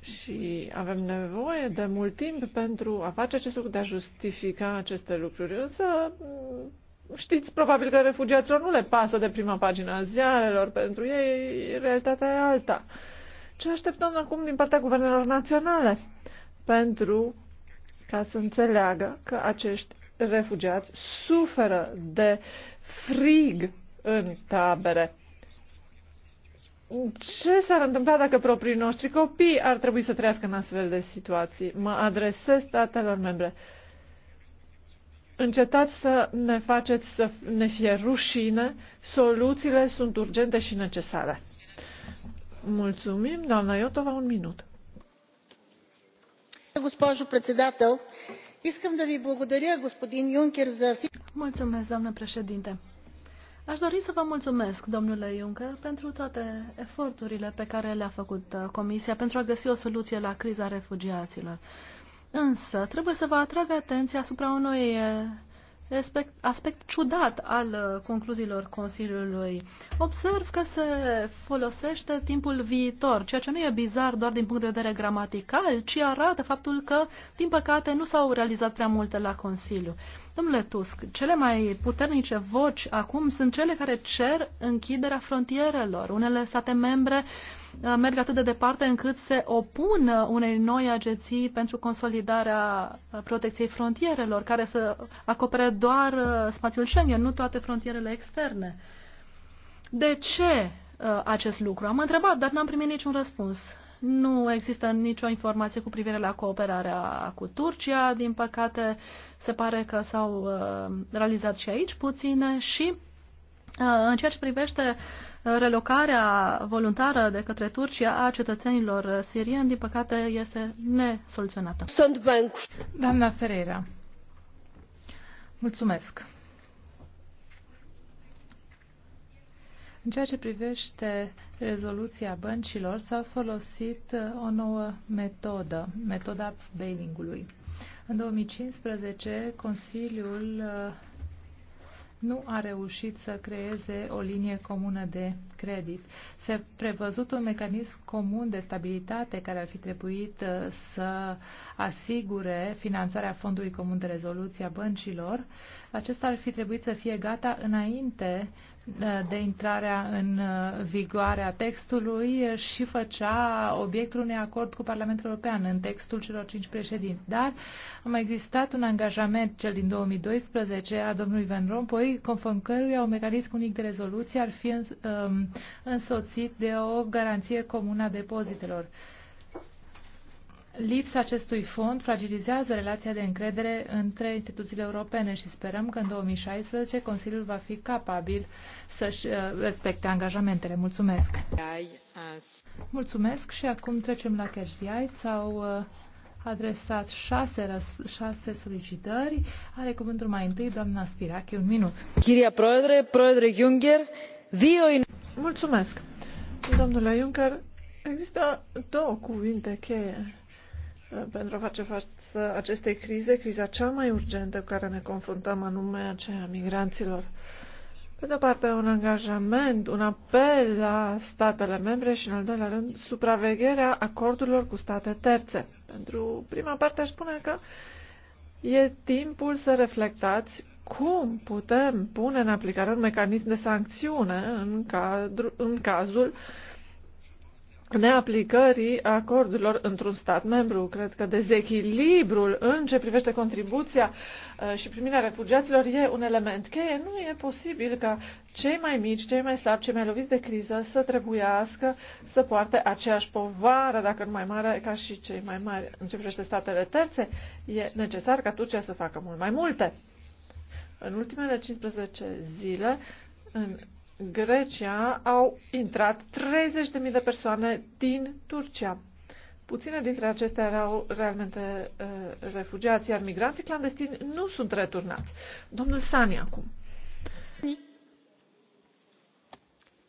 Și avem nevoie de mult timp pentru a face acest lucru, de a justifica aceste lucruri. Însă mm, știți probabil că refugiaților nu le pasă de prima pagina a ziarelor, pentru ei realitatea e alta. Ce așteptăm acum din partea guvernelor naționale pentru ca să înțeleagă că acești refugiați suferă de frig în tabere? Ce s-ar întâmpla dacă proprii noștri copii ar trebui să trăiască în astfel de situații? Mă adresez statelor membre. Încetați să ne faceți să ne fie rușine, soluțiile sunt urgente și necesare. Mulțumim, doamna Iotova, un minut. Госпожо председател, искам да ви благодаря, господин Юнкер, за Mulțumesc, doamnă președinte. Aș dori să vă mulțumesc, domnule Juncker, pentru toate eforturile pe care le-a făcut uh, Comisia pentru a găsi o soluție la criza refugiaților. Însă, trebuie să vă atrag atenția asupra unui uh, aspect, aspect ciudat al uh, concluziilor Consiliului. Observ că se folosește timpul viitor, ceea ce nu e bizar doar din punct de vedere gramatical, ci arată faptul că, din păcate, nu s-au realizat prea multe la Consiliu. Domnule Tusk, cele mai puternice voci acum sunt cele care cer închiderea frontierelor. Unele state membre uh, Uh, merg atât de departe încât se opun uh, unei noi agenții pentru consolidarea uh, protecției frontierelor, care să acopere doar spațiul Schengen, nu toate frontierele externe. De ce acest lucru? Am întrebat, dar n-am primit niciun răspuns. Nu există nicio informație cu privire la cooperarea cu Turcia. Din păcate, se pare că s-au realizat și aici puține și Uh, în ceea ce privește uh, relocarea voluntară de către Turcia a cetățenilor uh, sirieni, din păcate, este nesoluționată. Sunt bancu. Doamna Ferreira, mulțumesc. În ceea ce privește rezoluția băncilor, s-a folosit o nouă metodă, metoda bailing-ului. În 2015, Consiliul nu a reușit să creeze o linie comună de credit. Se prevăzut un mecanism comun de stabilitate care ar fi trebuit uh, să asigure finanțarea Fondului Comun de Rezoluție a băncilor. Acesta ar fi trebuit să fie gata înainte de intrarea în uh, vigoare a textului și făcea obiectul unui acord cu Parlamentul European în textul celor cinci președinți. Dar a mai existat un angajament, cel din 2012, a domnului Van Rompuy, conform căruia un mecanism unic de rezoluție ar fi um, însoțit de o garanție comună a depozitelor. Lipsa acestui fond fragilizează relația de încredere între instituțiile europene și sperăm că în 2016 Consiliul va fi capabil să-și uh, respecte angajamentele. Mulțumesc! Mulțumesc și acum trecem la CashDI. S-au uh, adresat șase, șase solicitări. Are cuvântul mai întâi doamna Spirachi. Un minut. Chiria Proedre, Proedre in... Mulțumesc! Domnule Juncker, Există două cuvinte cheie pentru a face față acestei crize, criza cea mai urgentă cu care ne confruntăm, anume aceea migranților. Pe de-o parte, un angajament, un apel la statele membre și, în al doilea rând, supravegherea acordurilor cu state terțe. Pentru prima parte, aș spune că e timpul să reflectați cum putem pune în aplicare un mecanism de sancțiune în, cadru, în cazul uh, neaplicării acordurilor într-un stat membru. Cred că dezechilibrul în ce privește contribuția uh, și primirea refugiaților e un element cheie. Nu e posibil ca cei mai mici, cei mai slabi, cei mai loviți de criză să trebuiască să poarte aceeași povară, dacă nu mai mare, ca și cei mai mari. În ce privește statele terțe, e necesar ca Turcia să facă mult mai multe. În ultimele 15 zile, în Grecia au intrat 30.000 de persoane din Turcia. Puține dintre acestea erau realmente uh, refugiați, iar migranții clandestini nu sunt returnați. Domnul Sani acum.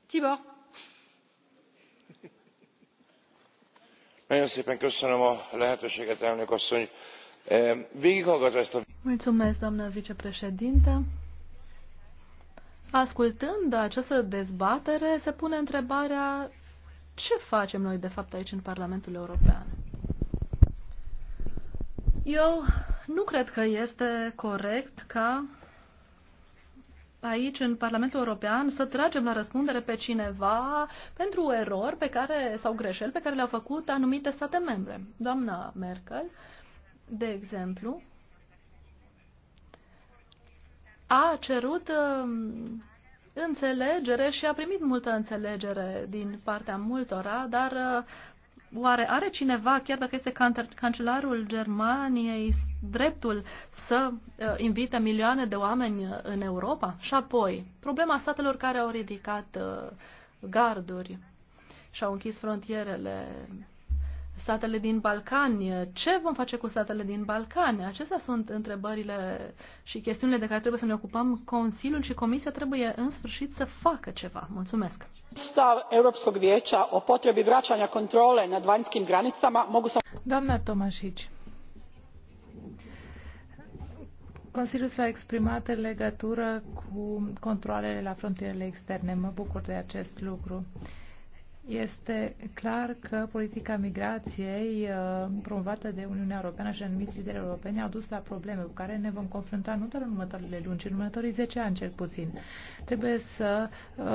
Tibor. Nagyon szépen köszönöm a lehetőséget, elnök asszony. Eh, végighallgatva ezt a... Mulțumesc, doamnă vicepreședintă. Ascultând această dezbatere, se pune întrebarea ce facem noi, de fapt, aici în Parlamentul European. Eu nu cred că este corect ca aici, în Parlamentul European, să tragem la răspundere pe cineva pentru erori pe care, sau greșeli pe care le-au făcut anumite state membre. Doamna Merkel, de exemplu, a cerut um, înțelegere și a primit multă înțelegere din partea multora, dar uh, oare are cineva, chiar dacă este cancelarul Germaniei, dreptul să uh, invite milioane de oameni uh, în Europa? Și apoi, problema statelor care au ridicat garduri și au închis frontierele statele din Balcani, ce vom face cu statele din Balcani? Acestea sunt întrebările și chestiunile de care trebuie să ne ocupăm. Consiliul și Comisia trebuie în sfârșit să facă ceva. Mulțumesc. Stav Europskog vijeća o potrebi vraćanja kontrole nad vanjskim granicama mogu să... Doamna Tomașici, Consiliul s-a exprimat în legătură cu controlele la frontierele externe. Mă bucur de acest lucru. Uh, este clar că politica migrației uh, promovată de Uniunea Europeană și anumiți lideri europeni au dus la probleme cu care ne vom confrunta nu doar în următoarele luni, ci în următorii 10 ani cel puțin. Trebuie să uh,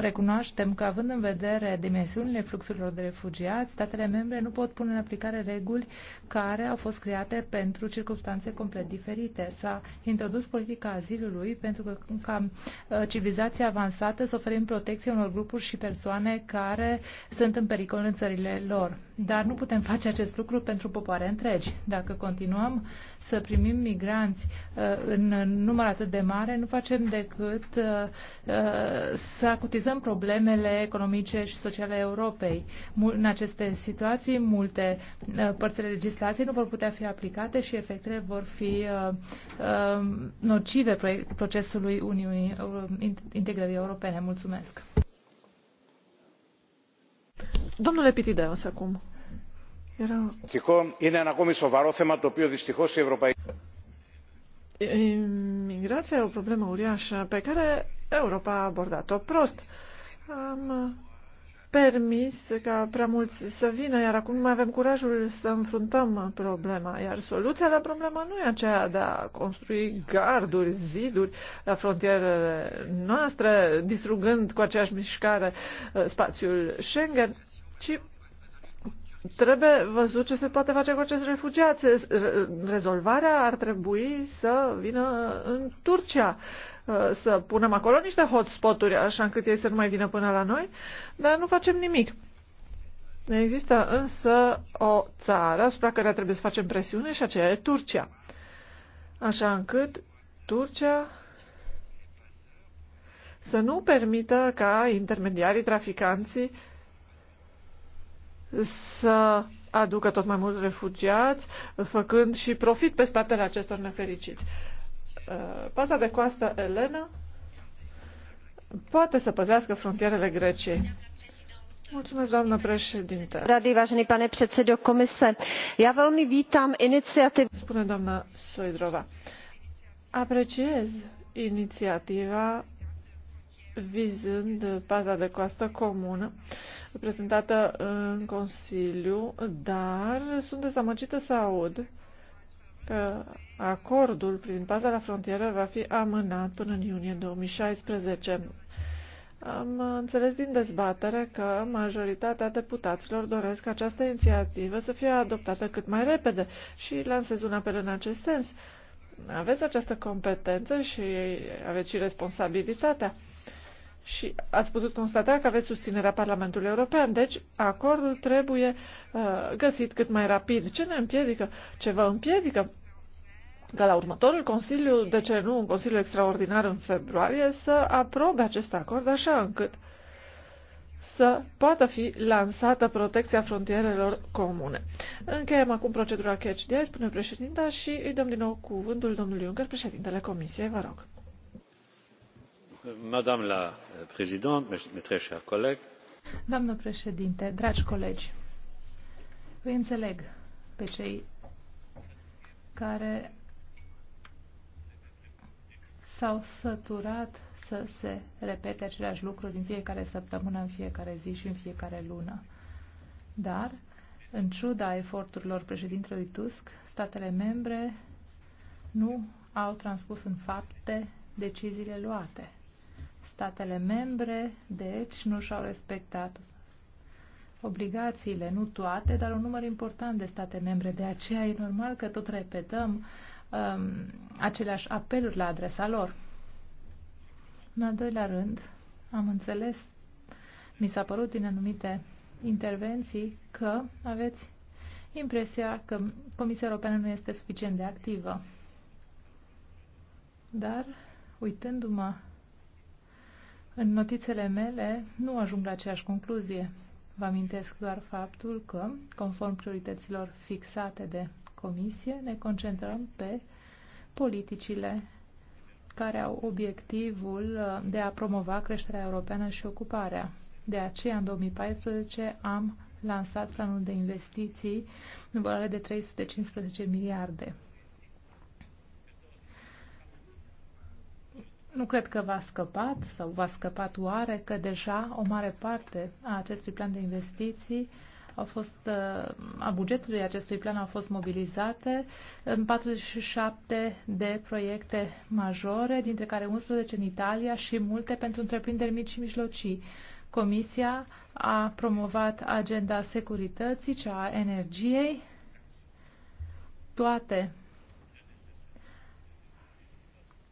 recunoaștem că, având în vedere dimensiunile fluxurilor de refugiați, statele membre nu pot pune în aplicare reguli care au fost create pentru circunstanțe complet diferite. S-a introdus politica azilului pentru că, ca uh, civilizație avansată, să oferim protecție unor grupuri și persoane care care sunt în pericol în țările lor. Dar nu putem face acest lucru pentru popoare întregi. Dacă continuăm să primim migranți uh, în număr atât de mare, nu facem decât uh, uh, să acutizăm problemele economice și sociale ale Europei. În aceste situații, multe părțile legislației nu vor putea fi aplicate și efectele vor fi nocive procesului Uniunii integrării europene. Mulțumesc! Domnule Pitideos, acum. Era... Είναι ένα ακόμη σοβαρό θέμα το οποίο δυστυχώς η Ευρωπαϊκή... Imigrația e o problemă uriașă pe care Europa a abordat-o prost. Am permis ca prea mulți să vină, iar acum nu mai avem curajul să înfruntăm problema. Iar soluția la problema nu e aceea de a construi garduri, ziduri la frontierele noastre, distrugând cu aceeași mișcare uh, spațiul Schengen, ci trebuie văzut ce se poate face cu acest refugiați. Rezolvarea ar trebui să vină în Turcia Uh, să punem acolo niște hotspoturi așa încât ei să nu mai vină până la noi, dar nu facem nimic. Există însă o țară asupra care trebuie să facem presiune și aceea e Turcia. Așa încât Turcia să nu permită ca intermediarii, traficanții să aducă tot mai mulți refugiați, făcând și profit pe spatele acestor nefericiți. Uh, paza de coastă Elena poate să păzească frontierele Greciei. Mulțumesc, doamnă președinte. Dragi vážený pane předsedo komise, já velmi vítám iniciativu. Spune doamna Soidrova. Apreciez inițiativa vizând paza de coastă comună prezentată în Consiliu, dar sunt dezamăgită să aud că acordul prin paza la frontieră va fi amânat până în iunie 2016. Am înțeles din dezbatere că majoritatea deputaților doresc ca această inițiativă să fie adoptată cât mai repede și lansez un apel în acest sens. Aveți această competență și aveți și responsabilitatea și ați putut constata că aveți susținerea Parlamentului European, deci acordul trebuie uh, găsit cât mai rapid. Ce ne împiedică? Ce vă împiedică? Ca la următorul Consiliu, de ce nu un Consiliu extraordinar în februarie, să aprobe acest acord așa încât să poată fi lansată protecția frontierelor comune. Încheiem acum procedura catch de spune președinta și îi dăm din nou cuvântul domnului Juncker, președintele Comisiei, vă rog. Euh, doamnă președinte dragi colegi îi înțeleg pe cei care s au săturat să se repete aceleași lucruri în fiecare săptămână, în fiecare zi și în fiecare lună. Dar, în ciuda eforturilor președintelui Tusk, statele membre nu au transpus în fapte deciziile luate. Statele membre, deci, nu și-au respectat obligațiile, nu toate, dar un număr important de state membre. De aceea e normal că tot repetăm um, aceleași apeluri la adresa lor. În al doilea rând, am înțeles, mi s-a părut din anumite intervenții că aveți impresia că Comisia Europeană nu este suficient de activă. Dar, uitându-mă în notițele mele nu ajung la aceeași concluzie. Vă amintesc doar faptul că, conform priorităților fixate de comisie, ne concentrăm pe politicile care au obiectivul uh, de a promova creșterea europeană și ocuparea. De aceea, în 2014, am lansat planul de investiții în valoare de 315 miliarde. Nu cred că v-a scăpat sau v-a scăpat oare că deja o mare parte a acestui plan de investiții au fost, uh, a bugetului acestui plan au fost mobilizate în 47 de proiecte majore, dintre care 11 în Italia și multe pentru întreprinderi mici și mijlocii. Comisia a promovat agenda securității, cea a energiei, toate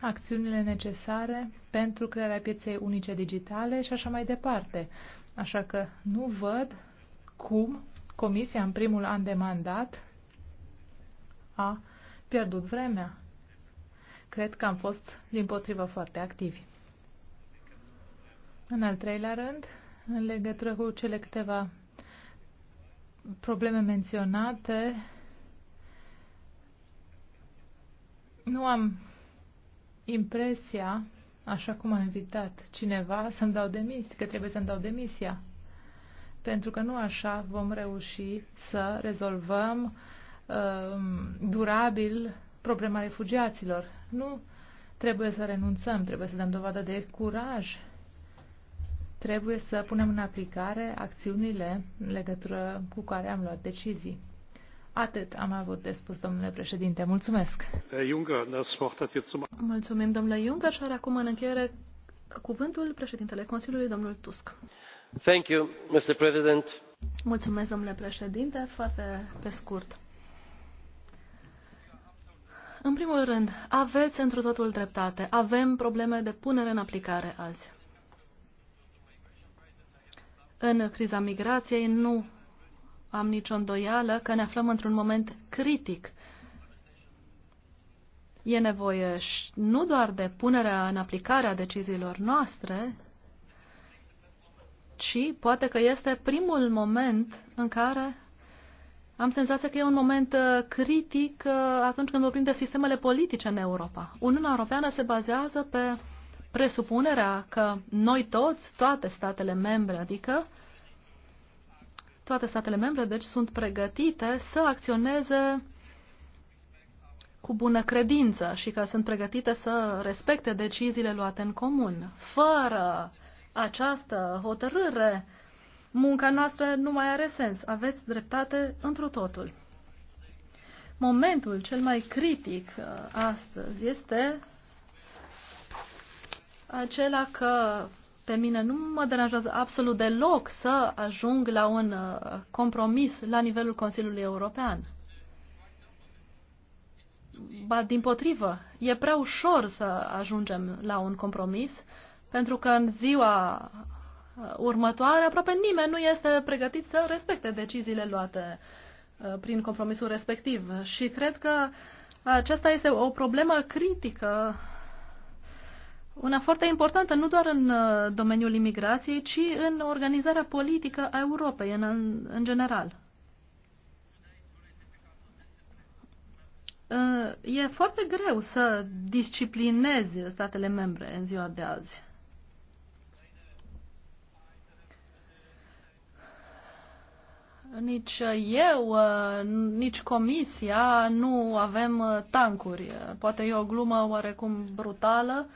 acțiunile necesare pentru crearea pieței unice digitale și așa mai departe. Așa că nu văd cum Comisia în primul an de mandat a pierdut vremea. Cred că am fost, din potrivă, foarte activi. În al treilea rând, în legătură cu cele câteva probleme menționate, nu am impresia, așa cum a invitat cineva, să-mi dau demisia, că trebuie să-mi dau demisia. Pentru că nu așa vom reuși să rezolvăm uh, durabil problema refugiaților. Nu trebuie să renunțăm, trebuie să dăm dovadă de curaj. Trebuie să punem în aplicare acțiunile în legătură cu care am luat decizii. Atât am avut de spus, domnule președinte. Mulțumesc. Mulțumim, domnule Juncker, și are acum în încheiere cuvântul președintele Consiliului, domnul Tusk. Thank you, Mr. President. Mulțumesc, domnule președinte, foarte pe scurt. În primul rând, aveți într totul dreptate. Avem probleme de punere în aplicare azi. În criza migrației nu am nicio îndoială că ne aflăm într-un moment critic. E nevoie nu doar de punerea în aplicare a deciziilor noastre, ci poate că este primul moment în care am senzația că e un moment uh, critic uh, atunci când vorbim de sistemele politice în Europa. Uniunea Europeană se bazează pe presupunerea că noi toți, toate statele membre, adică toate statele membre, deci, sunt pregătite să acționeze cu bună credință și că sunt pregătite să respecte deciziile luate în comun. Fără această hotărâre, munca noastră nu mai are sens. Aveți dreptate întru totul. Momentul cel mai critic uh, astăzi este acela că pe mine nu mă deranjează absolut deloc să ajung la un uh, compromis la nivelul Consiliului European. Ba, din potrivă, e prea ușor să ajungem la un compromis, pentru că în ziua uh, următoare aproape nimeni nu este pregătit să respecte deciziile luate uh, prin compromisul respectiv. Și cred că aceasta este o problemă critică una foarte importantă nu doar în uh, domeniul imigrației, ci în organizarea politică a Europei în, în general. Uh, e foarte greu să disciplinezi statele membre în ziua de azi. Nici eu, uh, nici comisia nu avem tancuri. Poate e o glumă oarecum brutală,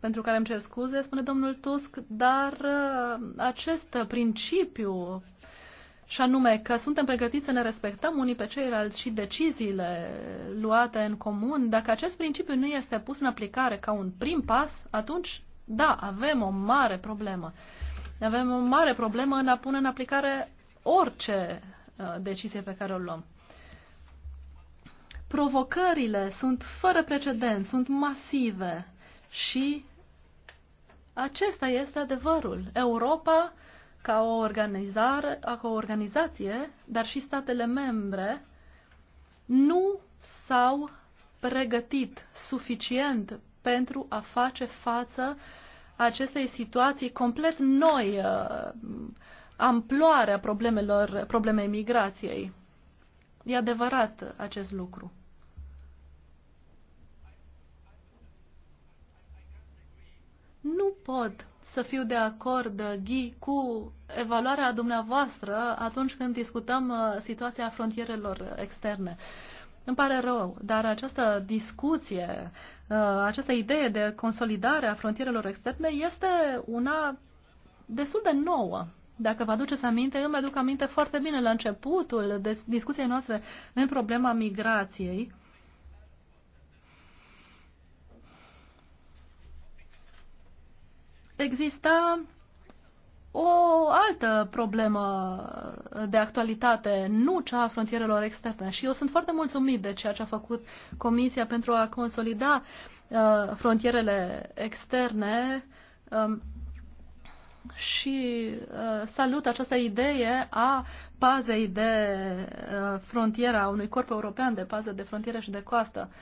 pentru care îmi cer scuze, spune domnul Tusk, dar uh, acest principiu și anume că suntem pregătiți să ne respectăm unii pe ceilalți și deciziile luate în comun, dacă acest principiu nu este pus în aplicare ca un prim pas, atunci, da, avem o mare problemă. Avem o mare problemă în a pune în aplicare orice uh, decizie pe care o luăm. Provocările sunt fără precedent, sunt masive și acesta este adevărul. Europa, ca o, organizare, ca o organizație, dar și statele membre, nu s-au pregătit suficient pentru a face față acestei situații complet noi, uh, amploarea problemelor, problemei migrației. E adevărat acest lucru. Nu pot să fiu de acord, Ghi, cu evaluarea dumneavoastră atunci când discutăm uh, situația frontierelor externe. Îmi pare rău, dar această discuție, uh, această idee de consolidare a frontierelor externe este una destul de nouă. Dacă vă aduceți aminte, eu mi-aduc aminte foarte bine la începutul discuției noastre în problema migrației exista o altă problemă de actualitate, nu cea a frontierelor externe. Și eu sunt foarte mulțumit de ceea ce a făcut Comisia pentru a consolida uh, frontierele externe um, și uh, salut această idee a pazei de uh, frontieră, a unui corp european de pază de frontieră și de coastă. Uh,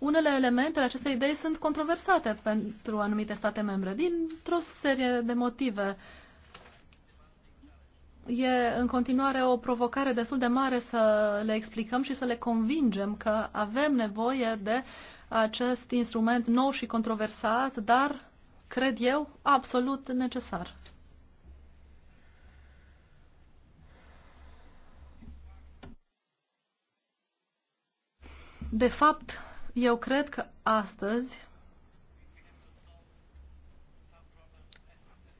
unele elemente ale acestei idei sunt controversate pentru anumite state membre, dintr-o serie de motive. E în continuare o provocare destul de mare să le explicăm și să le convingem că avem nevoie de acest instrument nou și controversat, dar, cred eu, absolut necesar. De fapt, eu cred că astăzi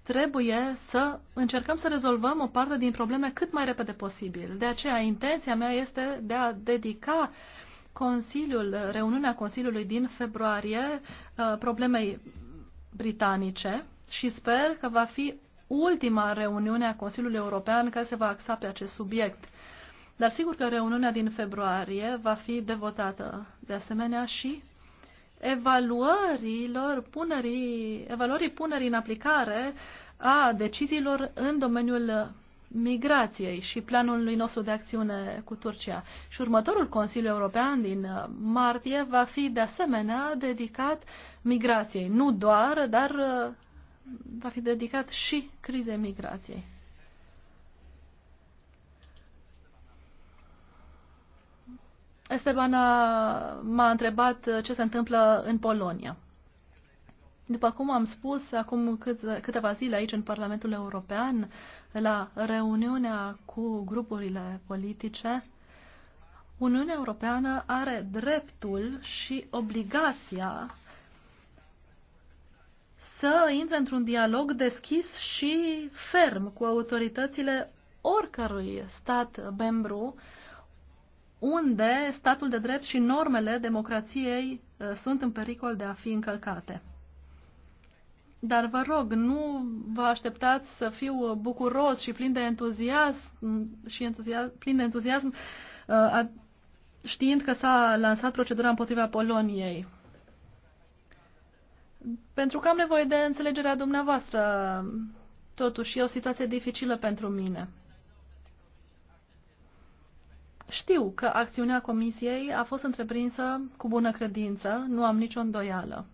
trebuie să încercăm să rezolvăm o parte din probleme cât mai repede posibil. De aceea, intenția mea este de a dedica Consiliul, reuniunea Consiliului din februarie uh, problemei britanice și sper că va fi ultima reuniune a Consiliului European care se va axa pe acest subiect. Dar sigur că reuniunea din februarie va fi devotată de asemenea și evaluărilor punerii, evaluării punerii în aplicare a deciziilor în domeniul migrației și planului nostru de acțiune cu Turcia. Și următorul Consiliu European din martie va fi de asemenea dedicat migrației. Nu doar, dar va fi dedicat și crizei migrației. Esteban m-a întrebat uh, ce se întâmplă în Polonia. După cum am spus acum cât, câteva zile aici în Parlamentul European, la reuniunea cu grupurile politice, Uniunea Europeană are dreptul și obligația să intre într-un dialog deschis și ferm cu autoritățile oricărui stat membru uh, unde statul de drept și normele democrației uh, sunt în pericol de a fi încălcate. Dar vă rog, nu vă așteptați să fiu uh, bucuros și plin de entuziasm, mm, și entuziasm, plin de entuziasm uh, știind că s-a lansat procedura împotriva Poloniei. Pentru că am nevoie de înțelegerea dumneavoastră, totuși e o situație dificilă pentru mine. Știu că acțiunea Comisiei a fost întreprinsă cu bună credință, nu am nicio îndoială.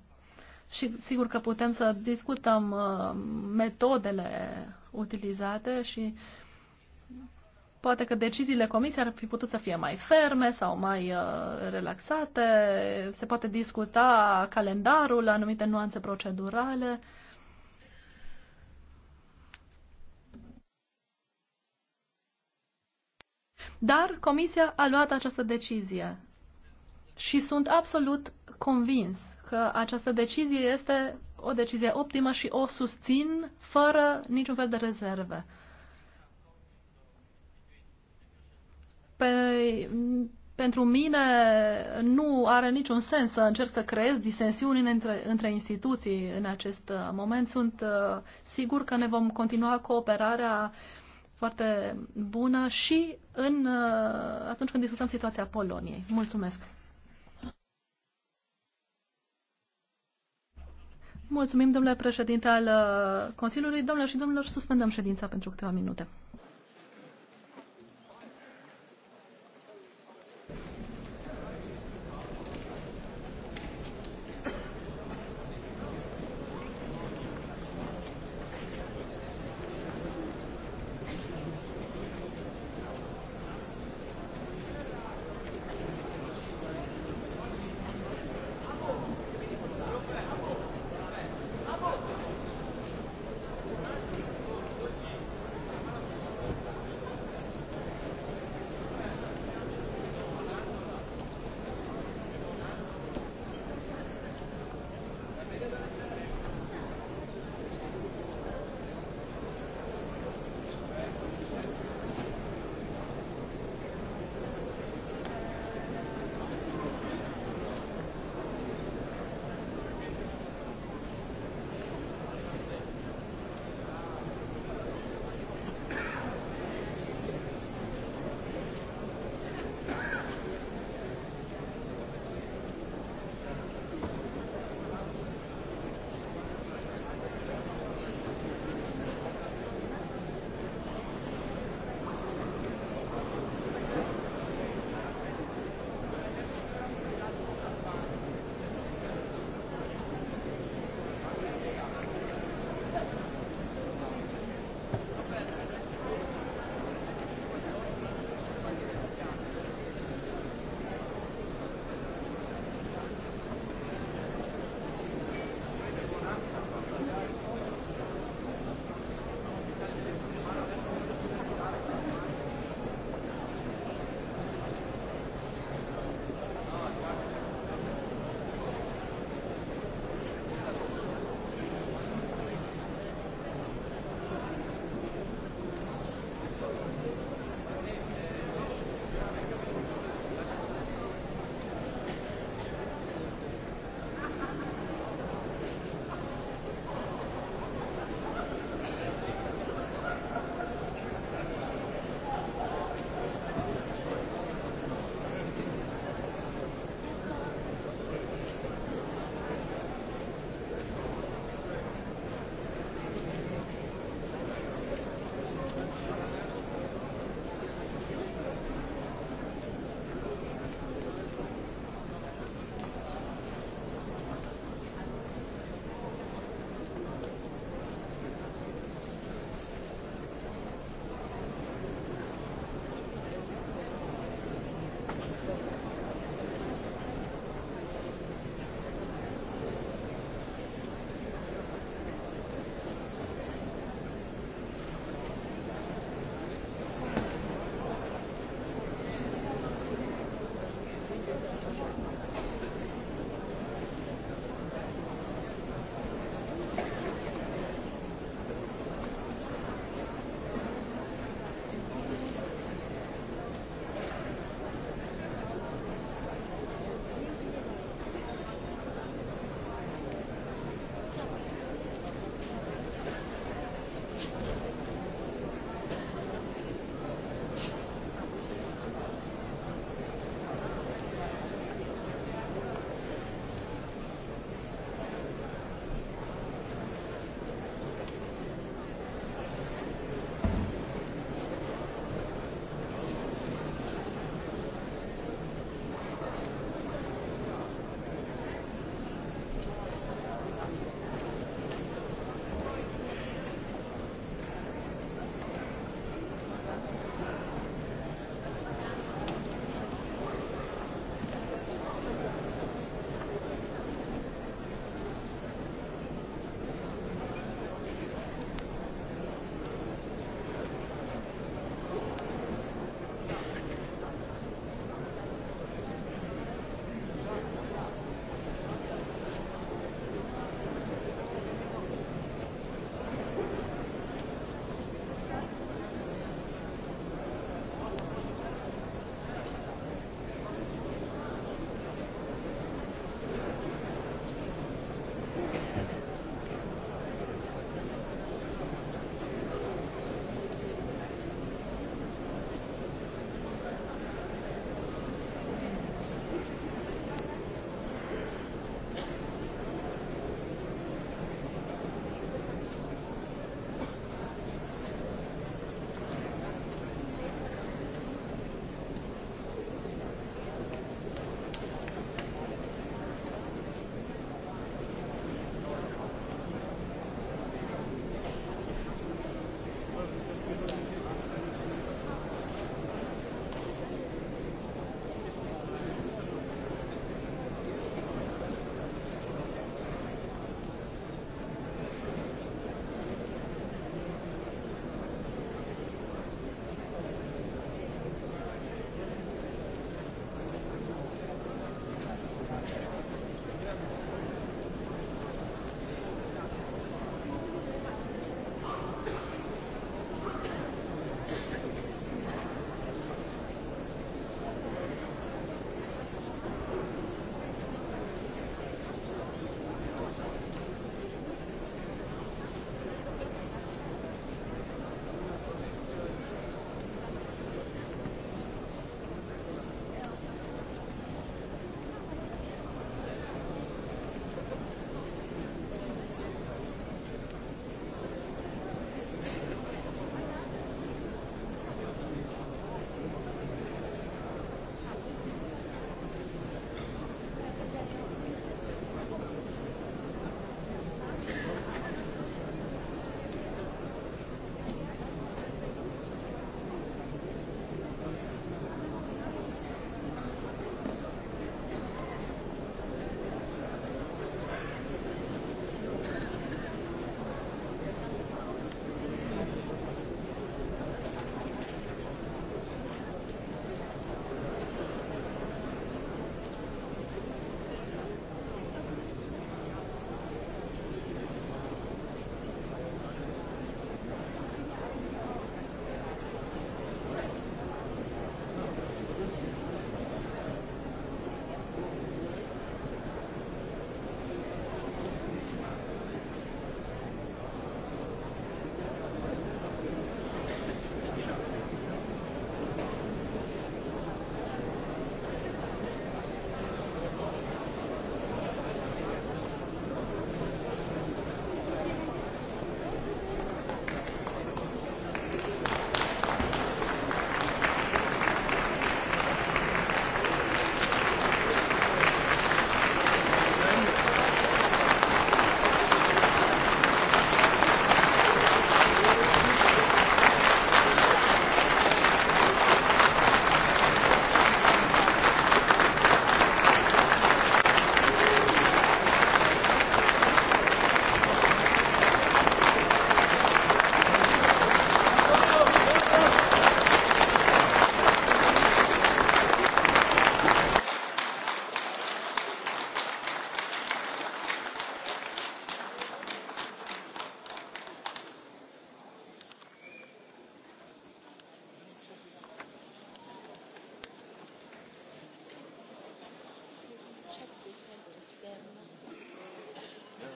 Și sigur că putem să discutăm uh, metodele utilizate și poate că deciziile Comisiei ar fi putut să fie mai ferme sau mai uh, relaxate, se poate discuta calendarul, anumite nuanțe procedurale. Dar Comisia a luat această decizie și sunt absolut convins că această decizie este o decizie optimă și o susțin fără niciun fel de rezerve. Pe, pentru mine nu are niciun sens să încerc să creez disensiuni între, între instituții în acest moment. Sunt uh, sigur că ne vom continua cooperarea uh, foarte bună și în, uh, atunci când discutăm situația Poloniei. Mulțumesc! Mulțumim, domnule președinte al uh, Consiliului. Domnilor și domnilor, suspendăm ședința pentru câteva minute.